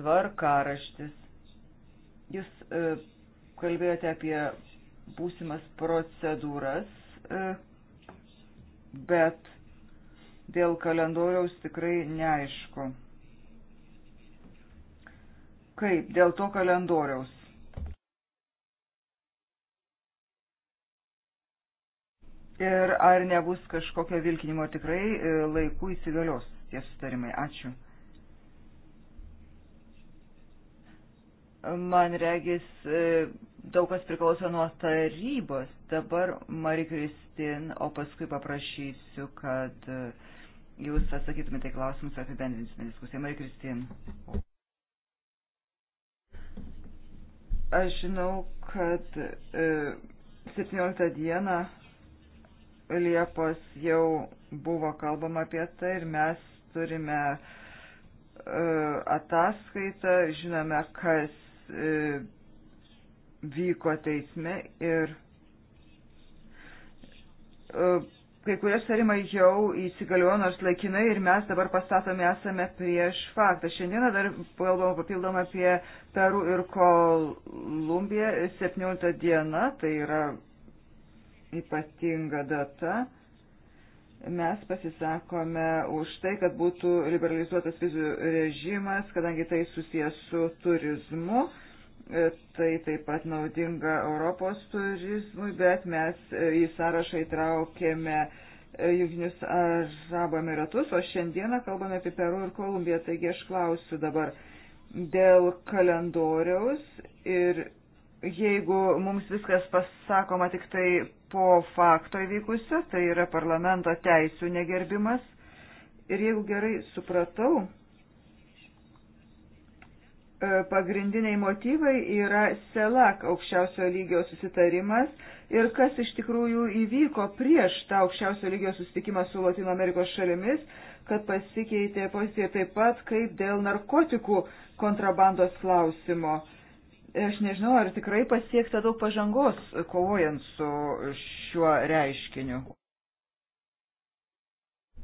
tvarkaraštis. Jūs e, kalbėjote apie būsimas procedūras, e, bet dėl kalendoriaus tikrai neaišku. Kaip dėl to kalendoriaus? ir ar nebus kažkokio vilkinimo tikrai e, laikų įsigalios tie sustarimai. Ačiū. Man regis, e, daug kas priklauso nuo tarybos. Dabar Mari Kristin, o paskui paprašysiu, kad e, jūs atsakytumėte klausimus ir apibendrinsime diskusiją. Mari Kristin. Aš žinau, kad 17 dieną Liepos jau buvo kalbama apie tai ir mes turime e, ataskaitą, žinome, kas e, vyko teisme ir e, kai kurie sarimai jau įsigaliojo nors laikinai ir mes dabar pastatome esame prieš faktą. Šiandieną dar kalbama papildomą apie Peru ir Kolumbiją 17 dieną, tai yra ypatinga data. Mes pasisakome už tai, kad būtų liberalizuotas vizų režimas, kadangi tai susijęs su turizmu. E, tai taip pat naudinga Europos turizmui, bet mes į sąrašą įtraukėme e, Junktinius Arabų Emiratus, o šiandieną kalbame apie Peru ir Kolumbiją. Taigi aš klausiu dabar dėl kalendoriaus ir jeigu mums viskas pasakoma tik tai po fakto įvykusio, tai yra parlamento teisų negerbimas. Ir jeigu gerai supratau, e, pagrindiniai motyvai yra SELAK aukščiausio lygio susitarimas ir kas iš tikrųjų įvyko prieš tą aukščiausio lygio susitikimą su Latino Amerikos šalimis, kad pasikeitė pozicija taip pat kaip dėl narkotikų kontrabandos klausimo. Aš nežinau, ar tikrai pasiekta daug pažangos kovojant su šiuo reiškiniu.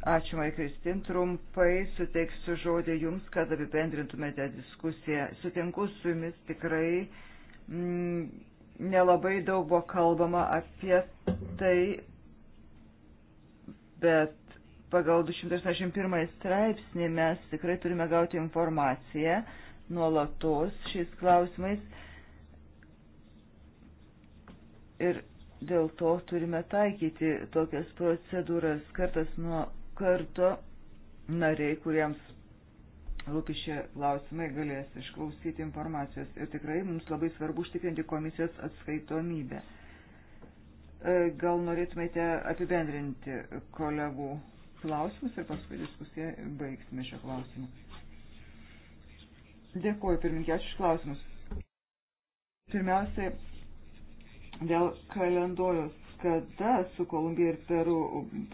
Ačiū, Marija Kristin. Trumpai suteiksiu žodį Jums, kad apibendrintumėte diskusiją. Sutinku su Jumis tikrai m, mm, nelabai daug buvo kalbama apie tai, bet pagal 281 straipsnį mes tikrai turime gauti informaciją nuolatos šiais klausimais ir dėl to turime taikyti tokias procedūras kartas nuo karto nariai, kuriems rūpi šie klausimai, galės išklausyti informacijos ir tikrai mums labai svarbu užtikrinti komisijos atskaitomybę. E, gal norėtumėte apibendrinti kolegų klausimus ir paskui diskusiją baigsime šio klausimu. Dėkuoju, pirmininkė, ačiū iš klausimus. Pirmiausiai, dėl kalendorius, kada su Kolumbija ir Peru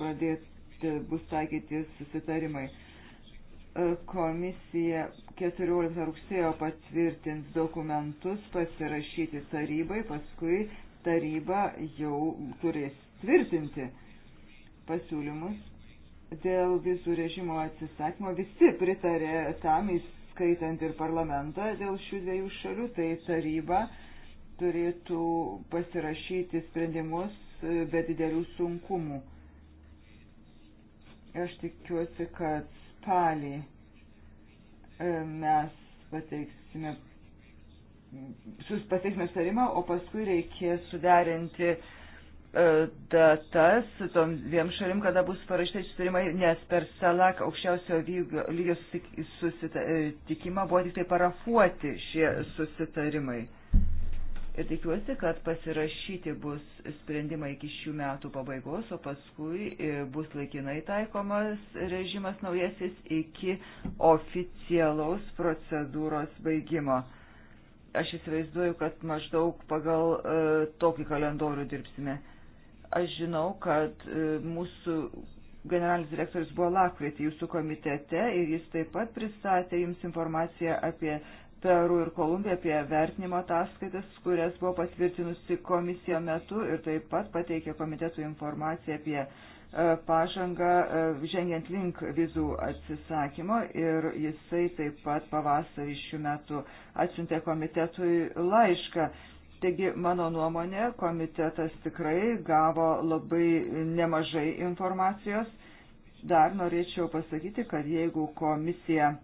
pradėti bus taikyti susitarimai. E, komisija 14 rugsėjo patvirtins dokumentus pasirašyti tarybai, paskui taryba jau turės tvirtinti pasiūlymus dėl vizų režimo atsisakymo. Visi pritarė tam, skaitant ir parlamentą dėl šių dviejų šalių, tai taryba turėtų pasirašyti sprendimus e, be didelių sunkumų. Aš tikiuosi, kad spalį e, mes pateiksime, pateiksime starimą, o paskui reikės suderinti uh, E, datas tom dviem šalim, kada bus parašyti susitarimai, nes per salak aukščiausio lygio susitikimą buvo tik tai parafuoti šie susitarimai. Ir tikiuosi, kad pasirašyti bus sprendimai iki šių metų pabaigos, o paskui e, bus laikinai taikomas režimas naujasis iki oficialaus procedūros baigimo aš įsivaizduoju, kad maždaug pagal uh, tokį kalendorių dirbsime. Aš žinau, kad e, mūsų generalinis direktorius buvo lakvietį jūsų komitete ir jis taip pat pristatė jums informaciją apie Peru ir Kolumbiją apie vertinimo ataskaitas, kurias buvo patvirtinusi komisija metu ir taip pat pateikė komitetų informaciją apie e, pažangą e, žengiant link vizų atsisakymo ir jisai taip pat pavasarį šių metų atsiuntė komitetui laišką Taigi, mano nuomonė, komitetas tikrai gavo labai nemažai informacijos. Dar norėčiau pasakyti, kad jeigu komisija e,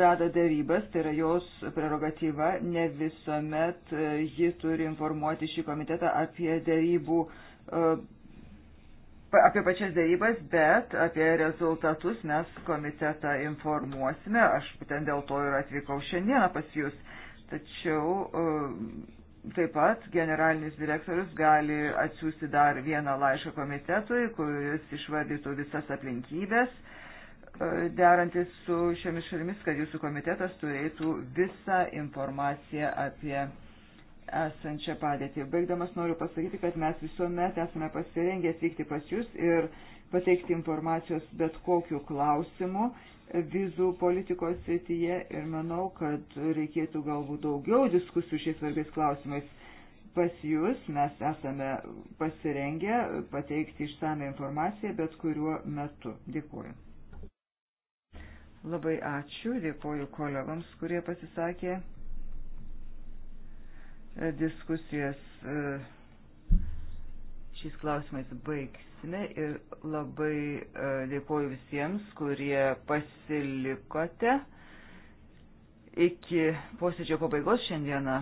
veda dėrybas, tai yra jos prerogatyva, ne visuomet e, ji turi informuoti šį komitetą apie dėrybų, e, apie pačias dėrybas, bet apie rezultatus mes komitetą informuosime. Aš būtent dėl to ir atvykau šiandieną pas jūs. Tačiau e, taip pat generalinis direktorius gali atsiųsti dar vieną laišką komitetui, kuris išvardytų visas aplinkybės e, derantis su šiomis šalimis, kad jūsų komitetas turėtų visą informaciją apie esančią padėtį. Baigdamas noriu pasakyti, kad mes visuomet esame pasirengę atvykti pas jūs ir pateikti informacijos bet kokiu klausimu, vizų politikos srityje ir manau, kad reikėtų galbūt daugiau diskusijų šiais svarbiais klausimais. Pas jūs mes esame pasirengę pateikti išsame informaciją bet kuriuo metu. Dėkuoju. Labai ačiū, dėkuoju kolegams, kurie pasisakė diskusijas. E, šiais klausimais baigsime ir labai e, dėkoju visiems, kurie pasilikote iki posėdžio pabaigos šiandieną.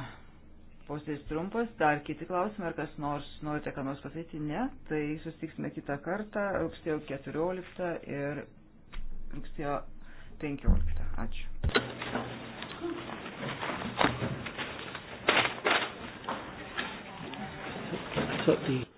Posėdis trumpas, dar kiti klausimai, ar kas nors norite ką nors pasakyti, ne, tai susitiksime kitą kartą rugsėjo 14 ir rugsėjo 15. Ačiū. that's what the